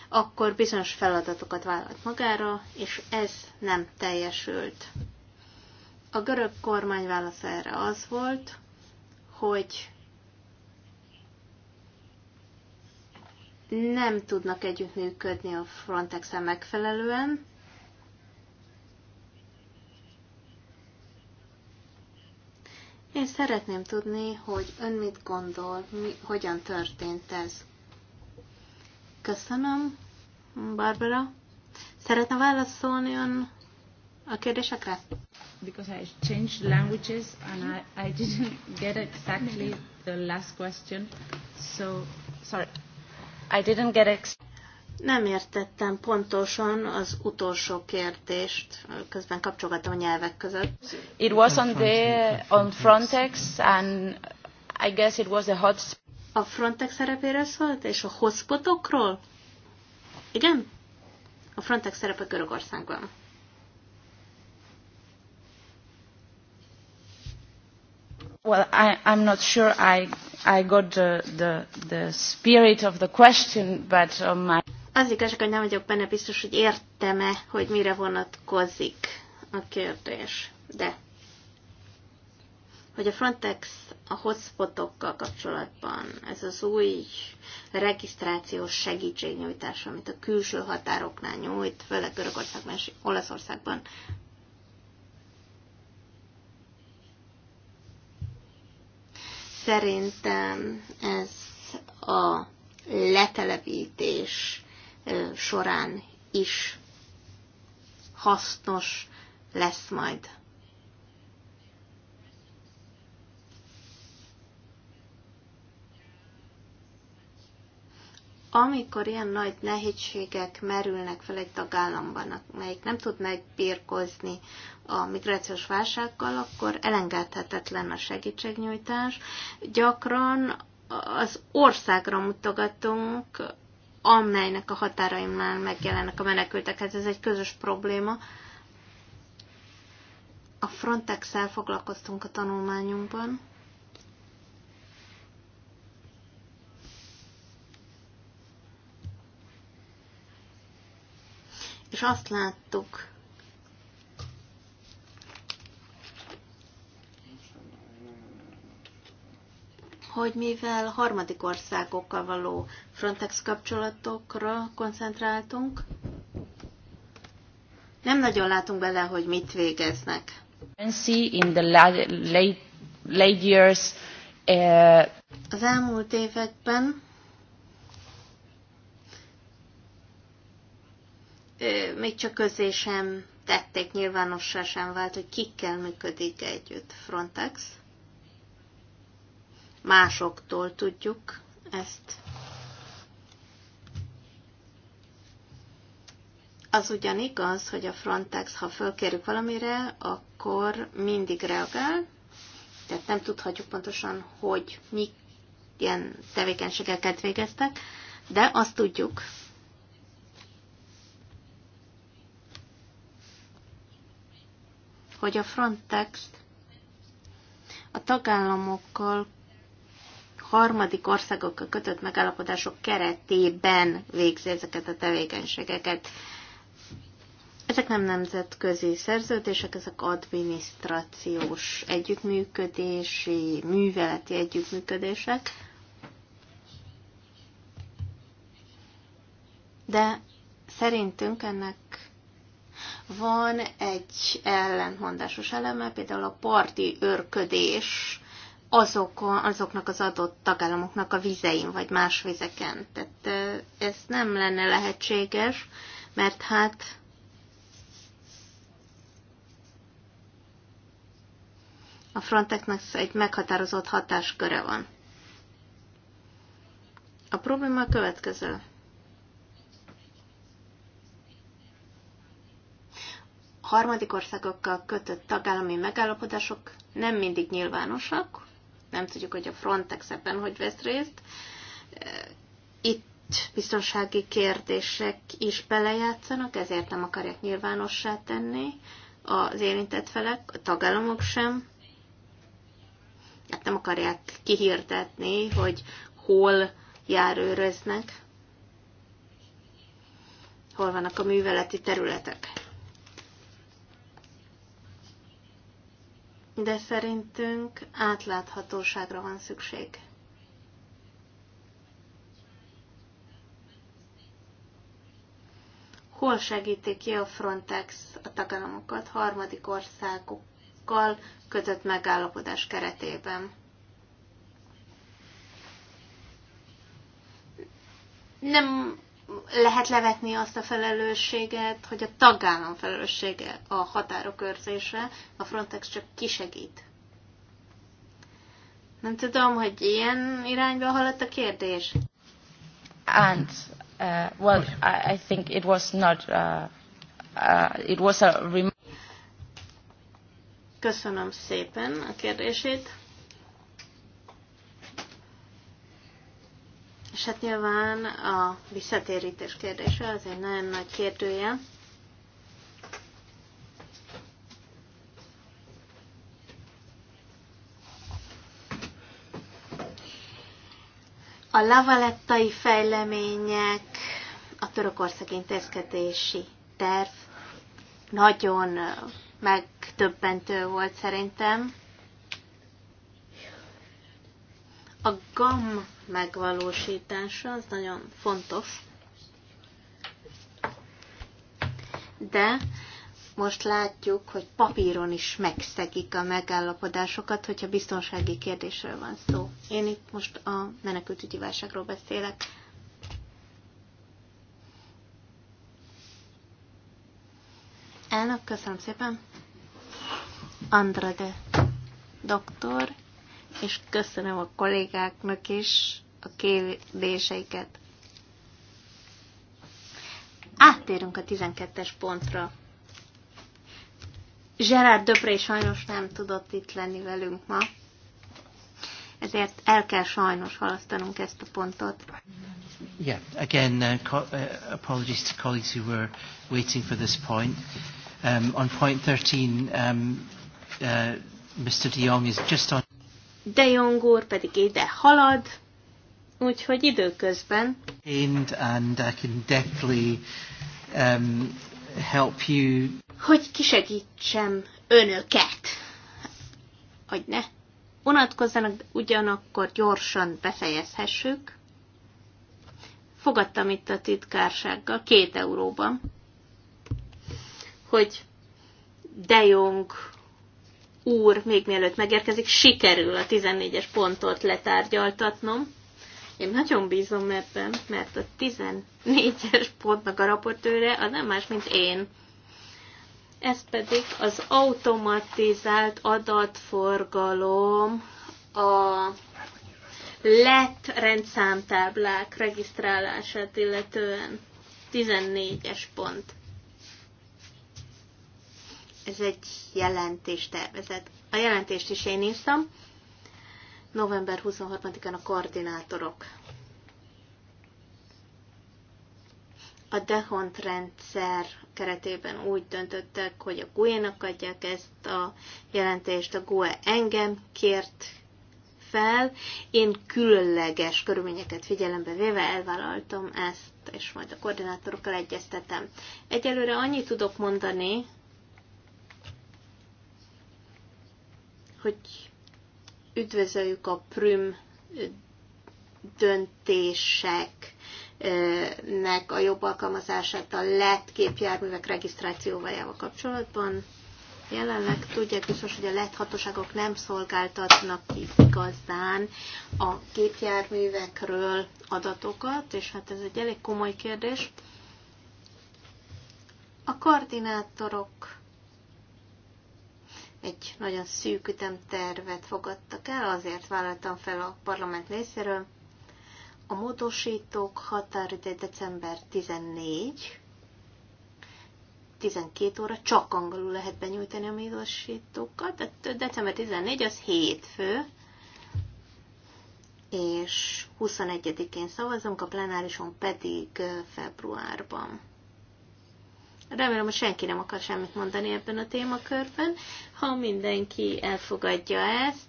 [SPEAKER 4] akkor bizonyos feladatokat vállalt magára, és ez nem teljesült. A görög kormány válasz erre az volt, hogy nem tudnak együttműködni a frontex megfelelően, Én szeretném tudni, hogy ön mit gondol, mi, hogyan történt ez. Köszönöm, Barbara. Szeretne válaszolni ön
[SPEAKER 1] a kérdésekre? because I changed languages and I, I didn't get exactly the last question. So, sorry. I didn't get ex-
[SPEAKER 4] nem értettem pontosan az utolsó kérdést, közben kapcsolgattam a nyelvek között. It was on the on Frontex and I guess it was the hot A Frontex szerepére szólt, és a hotspotokról? Igen? A Frontex szerepe Görögországban.
[SPEAKER 3] Well, I, I'm not sure I, I got the, the, the spirit of the question, but on um, my...
[SPEAKER 4] Az igazság, hogy nem vagyok benne biztos, hogy értem-e, hogy mire vonatkozik a kérdés. De hogy a Frontex a hotspotokkal kapcsolatban ez az új regisztrációs segítségnyújtás, amit a külső határoknál nyújt, főleg Görögországban és Olaszországban, Szerintem ez a letelepítés során is hasznos lesz majd. amikor ilyen nagy nehézségek merülnek fel egy tagállamban, amelyik nem tud megbírkozni a migrációs válsággal, akkor elengedhetetlen a segítségnyújtás. Gyakran az országra mutogatunk, amelynek a határaimnál megjelennek a menekültek. Hát ez egy közös probléma. A Frontex-el foglalkoztunk a tanulmányunkban. és azt láttuk, hogy mivel harmadik országokkal való Frontex kapcsolatokra koncentráltunk, nem nagyon látunk bele, hogy mit végeznek.
[SPEAKER 3] In the late, late
[SPEAKER 4] years, uh... Az elmúlt években még csak közé sem tették, nyilvánossá sem vált, hogy kikkel működik együtt Frontex. Másoktól tudjuk ezt. Az ugyan igaz, hogy a Frontex, ha fölkérjük valamire, akkor mindig reagál, tehát nem tudhatjuk pontosan, hogy mi ilyen tevékenységeket végeztek, de azt tudjuk, hogy a Frontex a tagállamokkal harmadik országokkal kötött megállapodások keretében végzi ezeket a tevékenységeket. Ezek nem nemzetközi szerződések, ezek adminisztrációs együttműködési, műveleti együttműködések. De szerintünk ennek van egy ellentmondásos eleme, például a parti őrködés azok, azoknak az adott tagállamoknak a vizein, vagy más vizeken. Tehát ez nem lenne lehetséges, mert hát a Frontexnek egy meghatározott hatásköre van. A probléma a következő. harmadik országokkal kötött tagállami megállapodások nem mindig nyilvánosak, nem tudjuk, hogy a Frontex ebben hogy vesz részt. Eh, itt biztonsági kérdések is belejátszanak, ezért nem akarják nyilvánossá tenni az érintett felek, a tagállamok sem. Hát nem akarják kihirdetni, hogy hol járőröznek, hol vannak a műveleti területek. de szerintünk átláthatóságra van szükség. Hol segíti ki a Frontex a tagállamokat harmadik országokkal kötött megállapodás keretében? Nem lehet levetni azt a felelősséget, hogy a tagállam felelőssége a határok őrzése, a Frontex csak kisegít. Nem tudom, hogy ilyen irányba haladt a kérdés. And, uh, well, I, I think it was not, uh, uh, it was a... Köszönöm szépen a kérdését. És hát nyilván a visszatérítés kérdése az egy nagyon nagy kérdője. A lavalettai fejlemények, a törökország intézkedési terv nagyon megtöbbentő volt szerintem. A GAM megvalósítása az nagyon fontos, de most látjuk, hogy papíron is megszegik a megállapodásokat, hogyha biztonsági kérdésről van szó. Én itt most a menekültügyi válságról beszélek. Elnök, köszönöm szépen. Andrade doktor és köszönöm a kollégáknak is a kérdéseiket. Áttérünk a 12-es pontra. Gerard Döpré sajnos nem tudott itt lenni velünk ma, ezért el kell sajnos halasztanunk ezt a pontot.
[SPEAKER 1] Yeah, again, uh, co- uh, apologies to colleagues who were waiting for this point. Um, on point 13, um, uh, Mr. De Jong is just on.
[SPEAKER 4] De Jong úr pedig ide halad, úgyhogy időközben...
[SPEAKER 1] And, and I can definitely um, help you...
[SPEAKER 4] Hogy kisegítsem önöket, hogy ne unatkozzanak, de ugyanakkor gyorsan befejezhessük. Fogadtam itt a titkársággal, két euróban, hogy De Jong úr még mielőtt megérkezik, sikerül a 14-es pontot letárgyaltatnom. Én nagyon bízom ebben, mert a 14-es pontnak a raportőre az nem más, mint én. Ez pedig az automatizált adatforgalom a lett rendszámtáblák regisztrálását illetően 14-es pont. Ez egy jelentéstervezet. A jelentést is én írtam. November 23-án a koordinátorok. A Dehont rendszer keretében úgy döntöttek, hogy a GUE-nak adják ezt a jelentést. A GUE engem kért fel. Én különleges körülményeket figyelembe véve elvállaltam ezt, és majd a koordinátorokkal egyeztetem. Egyelőre annyit tudok mondani, hogy üdvözöljük a prüm döntéseknek a jobb alkalmazását a lett képjárművek regisztrációjával kapcsolatban. Jelenleg tudják biztos, hogy a lett hatóságok nem szolgáltatnak igazán a képjárművekről adatokat, és hát ez egy elég komoly kérdés. A koordinátorok egy nagyon szűk ütemtervet fogadtak el, azért vállaltam fel a parlament részéről. A módosítók határideje december 14, 12 óra, csak angolul lehet benyújtani a módosítókat, de december 14 az hétfő, és 21-én szavazunk, a plenárison pedig februárban. Remélem, hogy senki nem akar semmit mondani ebben a témakörben. Ha mindenki elfogadja ezt,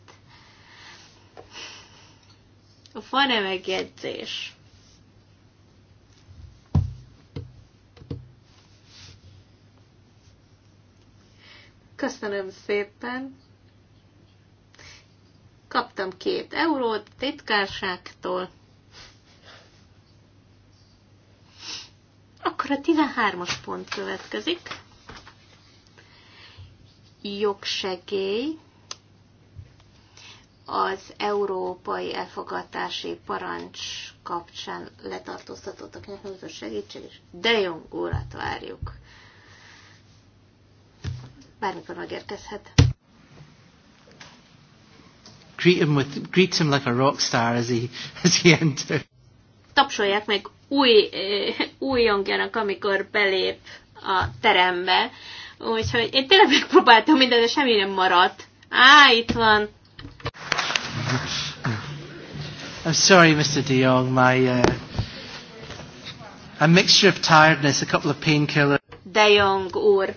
[SPEAKER 4] van-e megjegyzés? Köszönöm szépen. Kaptam két eurót titkárságtól. Akkor a 13-as pont következik. Jogsegély az európai elfogadási parancs kapcsán letartóztatottaknak a segítség, és de jó órát várjuk. Bármikor megérkezhet.
[SPEAKER 1] Greet him, with, greet him like a rock star as he, as he enters.
[SPEAKER 4] Tapsolják meg új, eh, újongjanak, amikor belép a terembe. Úgyhogy én tényleg megpróbáltam mindent, de semmi nem maradt. Á, itt van.
[SPEAKER 1] I'm sorry, Mr. De Jong, my uh, a mixture of tiredness, a couple of painkillers.
[SPEAKER 4] De Jong úr,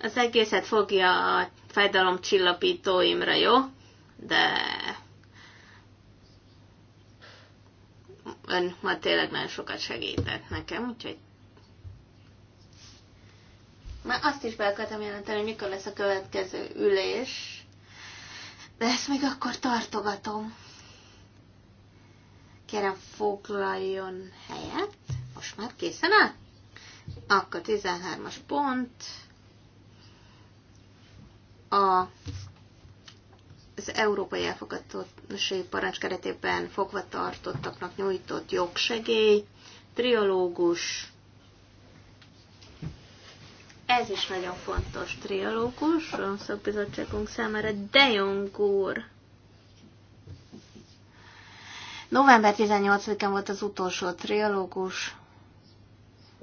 [SPEAKER 4] az egészet fogja a fájdalomcsillapítóimra, jó? De ön ma tényleg nagyon sokat segített nekem, úgyhogy már azt is be akartam jelenteni, hogy mikor lesz a következő ülés, de ezt még akkor tartogatom. Kérem, foglaljon helyet. Most már készen áll? Akkor 13-as pont. A az európai elfogadási parancs keretében fogva tartottaknak nyújtott jogsegély, triológus, ez is nagyon fontos triológus a szakbizottságunk számára, de Jong November 18-án volt az utolsó triológus,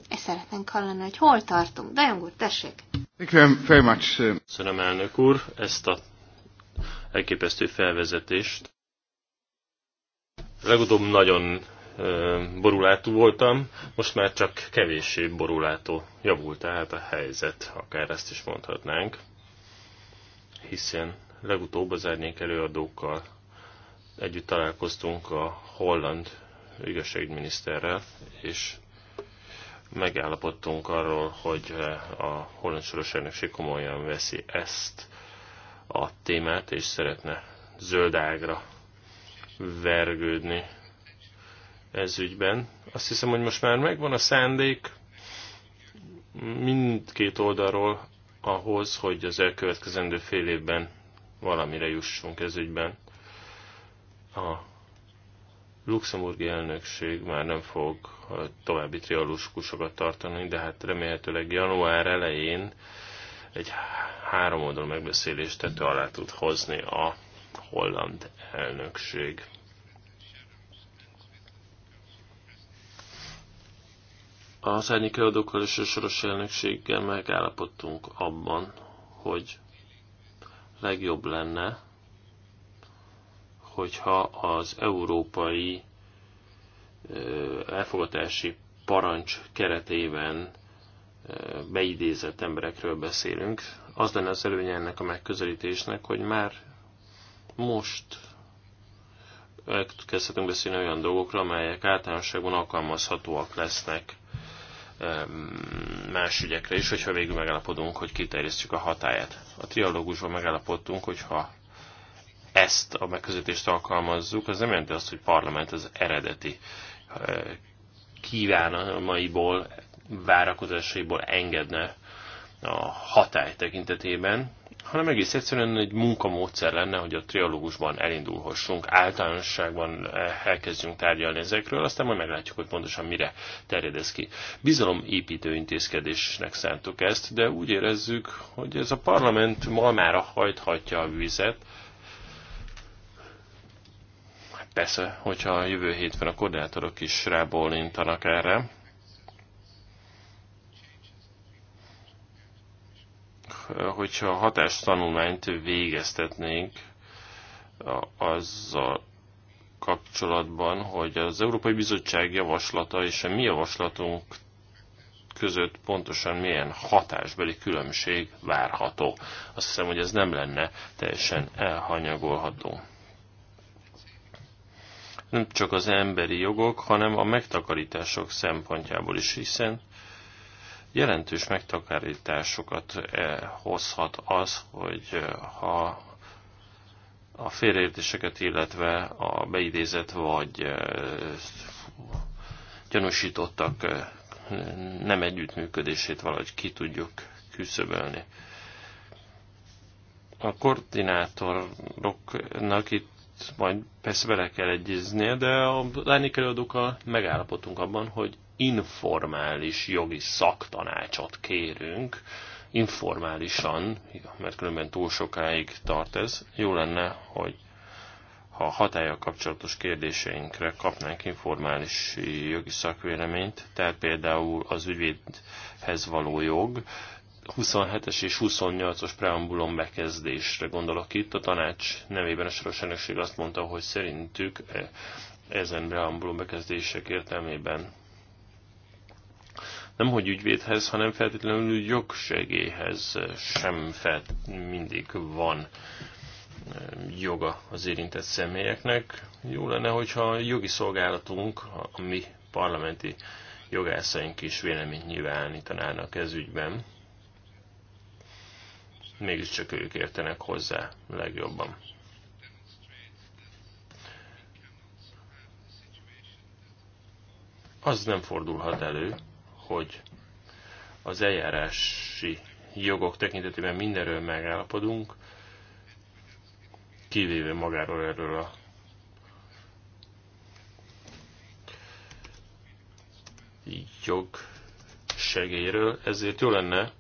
[SPEAKER 4] és szeretnénk hallani, hogy hol tartunk. De Jong úr, tessék!
[SPEAKER 2] Köszönöm, elnök úr, ezt a elképesztő felvezetést. Legutóbb nagyon borulátú voltam, most már csak kevéssé borulátó. Javult tehát a helyzet, akár ezt is mondhatnánk, hiszen legutóbb az árnyék előadókkal együtt találkoztunk a holland igazságügyminiszterrel, és megállapodtunk arról, hogy a holland soros elnökség komolyan veszi ezt a témát, és szeretne zöldágra vergődni ez ügyben. Azt hiszem, hogy most már megvan a szándék mindkét oldalról ahhoz, hogy az elkövetkezendő fél évben valamire jussunk ez ügyben. A luxemburgi elnökség már nem fog további trialóskusokat tartani, de hát remélhetőleg január elején egy három oldalú megbeszélést tető alá tud hozni a holland elnökség. Az árnyék előadókkal és a soros elnökséggel megállapodtunk abban, hogy legjobb lenne, hogyha az európai elfogadási parancs keretében beidézett emberekről beszélünk. Az lenne az előnye ennek a megközelítésnek, hogy már most elkezdhetünk beszélni olyan dolgokra, amelyek általánosságban alkalmazhatóak lesznek más ügyekre is, hogyha végül megállapodunk, hogy kiterjesztjük a hatáját. A trialógusban megállapodtunk, hogyha ezt a megközelítést alkalmazzuk, az nem jelenti azt, hogy parlament az eredeti kívánalmaiból várakozásaiból engedne a hatály tekintetében, hanem egész egyszerűen egy munkamódszer lenne, hogy a trialógusban elindulhassunk, általánosságban eh, elkezdjünk tárgyalni ezekről, aztán majd meglátjuk, hogy pontosan mire terjed ez ki. építő intézkedésnek szántuk ezt, de úgy érezzük, hogy ez a parlament malmára hajthatja a vizet, hát Persze, hogyha a jövő hétben a koordinátorok is rábólintanak erre, hogyha tanulmányt végeztetnénk azzal kapcsolatban, hogy az Európai Bizottság javaslata és a mi javaslatunk között pontosan milyen hatásbeli különbség várható. Azt hiszem, hogy ez nem lenne teljesen elhanyagolható. Nem csak az emberi jogok, hanem a megtakarítások szempontjából is, hiszen Jelentős megtakarításokat eh, hozhat az, hogy eh, ha a félreértéseket, illetve a beidézett vagy eh, gyanúsítottak nem együttműködését valahogy ki tudjuk küszöbölni. A koordinátoroknak itt majd persze bele kell egyeznie, de a lányik előadókkal megállapodtunk abban, hogy informális jogi szaktanácsot kérünk, informálisan, mert különben túl sokáig tart ez, jó lenne, hogy ha a hatája kapcsolatos kérdéseinkre kapnánk informális jogi szakvéleményt, tehát például az ügyvédhez való jog, 27-es és 28 os preambulum bekezdésre gondolok itt. A tanács nevében a soros elnökség azt mondta, hogy szerintük eh, ezen preambulum bekezdések értelmében nem hogy ügyvédhez, hanem feltétlenül jogsegélyhez sem felt mindig van joga az érintett személyeknek. Jó lenne, hogyha a jogi szolgálatunk, a mi parlamenti jogászaink is véleményt nyilvánítanának ez ügyben. Mégiscsak ők értenek hozzá legjobban. Az nem fordulhat elő, hogy az eljárási jogok tekintetében mindenről megállapodunk, kivéve magáról erről a jog segélyről, ezért jó lenne,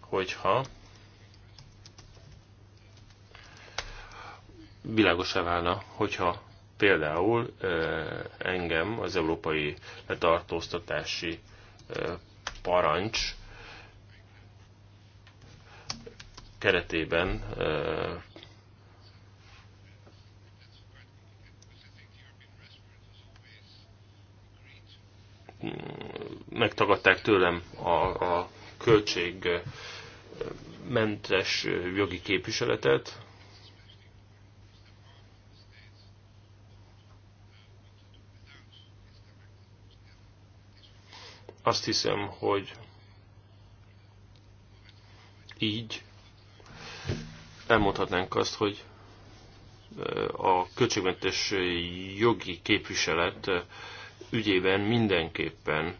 [SPEAKER 2] hogyha világosá válna, hogyha Például engem az európai letartóztatási parancs keretében megtagadták tőlem a, a költségmentes jogi képviseletet, Azt hiszem, hogy így elmondhatnánk azt, hogy a költségmentes jogi képviselet ügyében mindenképpen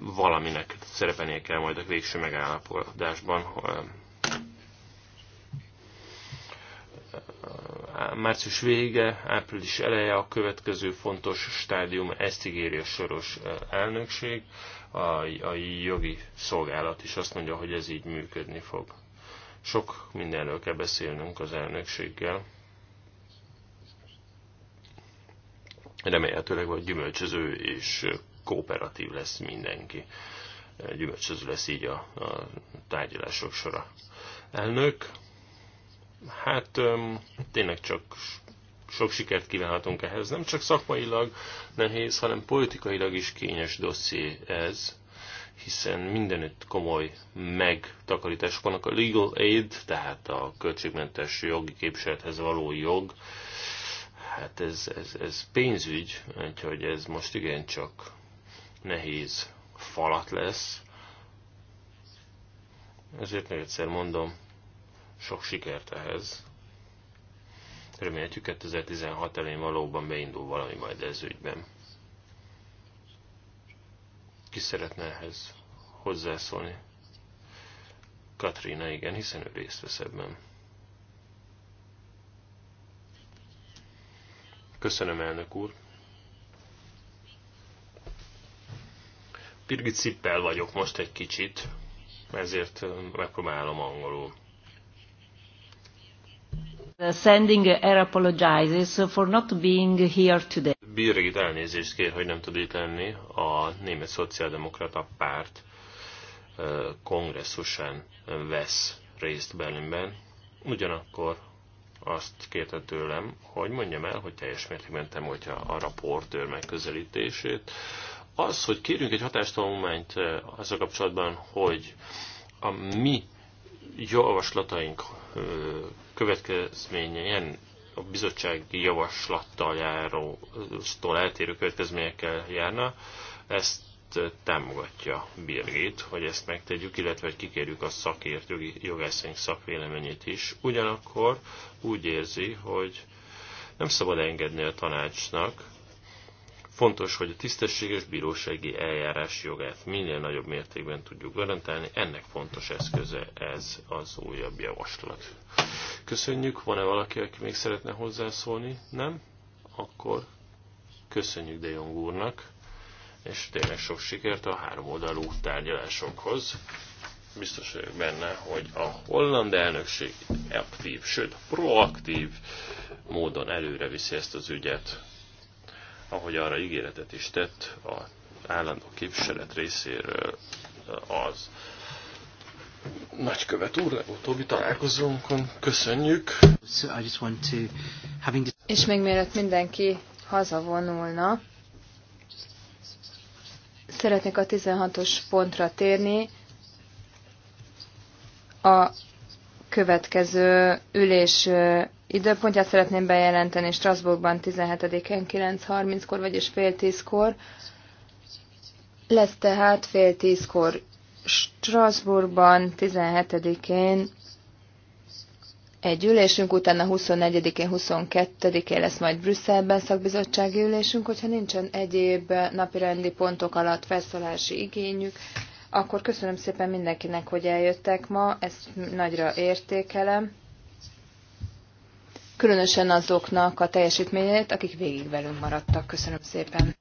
[SPEAKER 2] valaminek szerepelnie kell majd a végső megállapodásban, március vége, április eleje a következő fontos stádium, ezt ígéri a soros elnökség, a, a jogi szolgálat is azt mondja, hogy ez így működni fog. Sok mindenről kell beszélnünk az elnökséggel. Remélhetőleg hogy gyümölcsöző és kooperatív lesz mindenki. Gyümölcsöző lesz így a, a tárgyalások sora. Elnök, Hát tényleg csak sok sikert kívánhatunk ehhez. Nem csak szakmailag nehéz, hanem politikailag is kényes dosszié ez, hiszen mindenütt komoly megtakarítások vannak. A legal aid, tehát a költségmentes jogi képviselethez való jog, hát ez, ez, ez pénzügy, úgyhogy ez most igencsak nehéz falat lesz. Ezért még egyszer mondom, sok sikert ehhez. Reméljük 2016 elén valóban beindul valami majd ez ügyben. Ki szeretne ehhez hozzászólni? Katrina, igen, hiszen ő részt vesz ebben. Köszönöm, elnök úr. Birgit Cippel vagyok most egy kicsit, ezért megpróbálom angolul.
[SPEAKER 4] Uh, sending air apologizes for not being here today.
[SPEAKER 2] Birgit elnézést kér, hogy nem tud itt lenni a Német Szociáldemokrata Párt uh, kongresszusán vesz részt Berlinben. Ugyanakkor azt kérte tőlem, hogy mondjam el, hogy teljes mértékben támogatja a raportőr megközelítését. Az, hogy kérjünk egy hatástanulmányt uh, az a kapcsolatban, hogy a mi javaslataink következményen a bizottsági javaslattal járótól eltérő következményekkel járna, ezt támogatja Birgit, hogy ezt megtegyük, illetve hogy kikérjük a szakértői jogászaink szakvéleményét is. Ugyanakkor úgy érzi, hogy nem szabad engedni a tanácsnak, Fontos, hogy a tisztességes bírósági eljárás jogát minél nagyobb mértékben tudjuk garantálni, ennek fontos eszköze ez az újabb javaslat. Köszönjük, van-e valaki, aki még szeretne hozzászólni? Nem? Akkor köszönjük De Jong úrnak, és tényleg sok sikert a három oldalú tárgyalásokhoz. Biztos vagyok benne, hogy a holland elnökség aktív, sőt proaktív módon előre viszi ezt az ügyet ahogy arra ígéretet is tett a állandó képviselet részéről az nagykövet úr legutóbbi találkozónkon. Köszönjük! So I just want
[SPEAKER 1] to, having...
[SPEAKER 3] És még mielőtt mindenki hazavonulna, szeretnék a 16-os pontra térni. A következő ülés időpontját szeretném bejelenteni Strasbourgban 17-én 9.30-kor, vagyis fél tízkor. Lesz tehát fél tízkor Strasbourgban 17-én egy ülésünk, utána 24-én, 22-én lesz majd Brüsszelben szakbizottsági ülésünk, hogyha nincsen egyéb napirendi pontok alatt felszólási igényük, akkor köszönöm szépen mindenkinek, hogy eljöttek ma, ezt nagyra értékelem különösen azoknak a teljesítményét, akik végig velünk maradtak. Köszönöm szépen.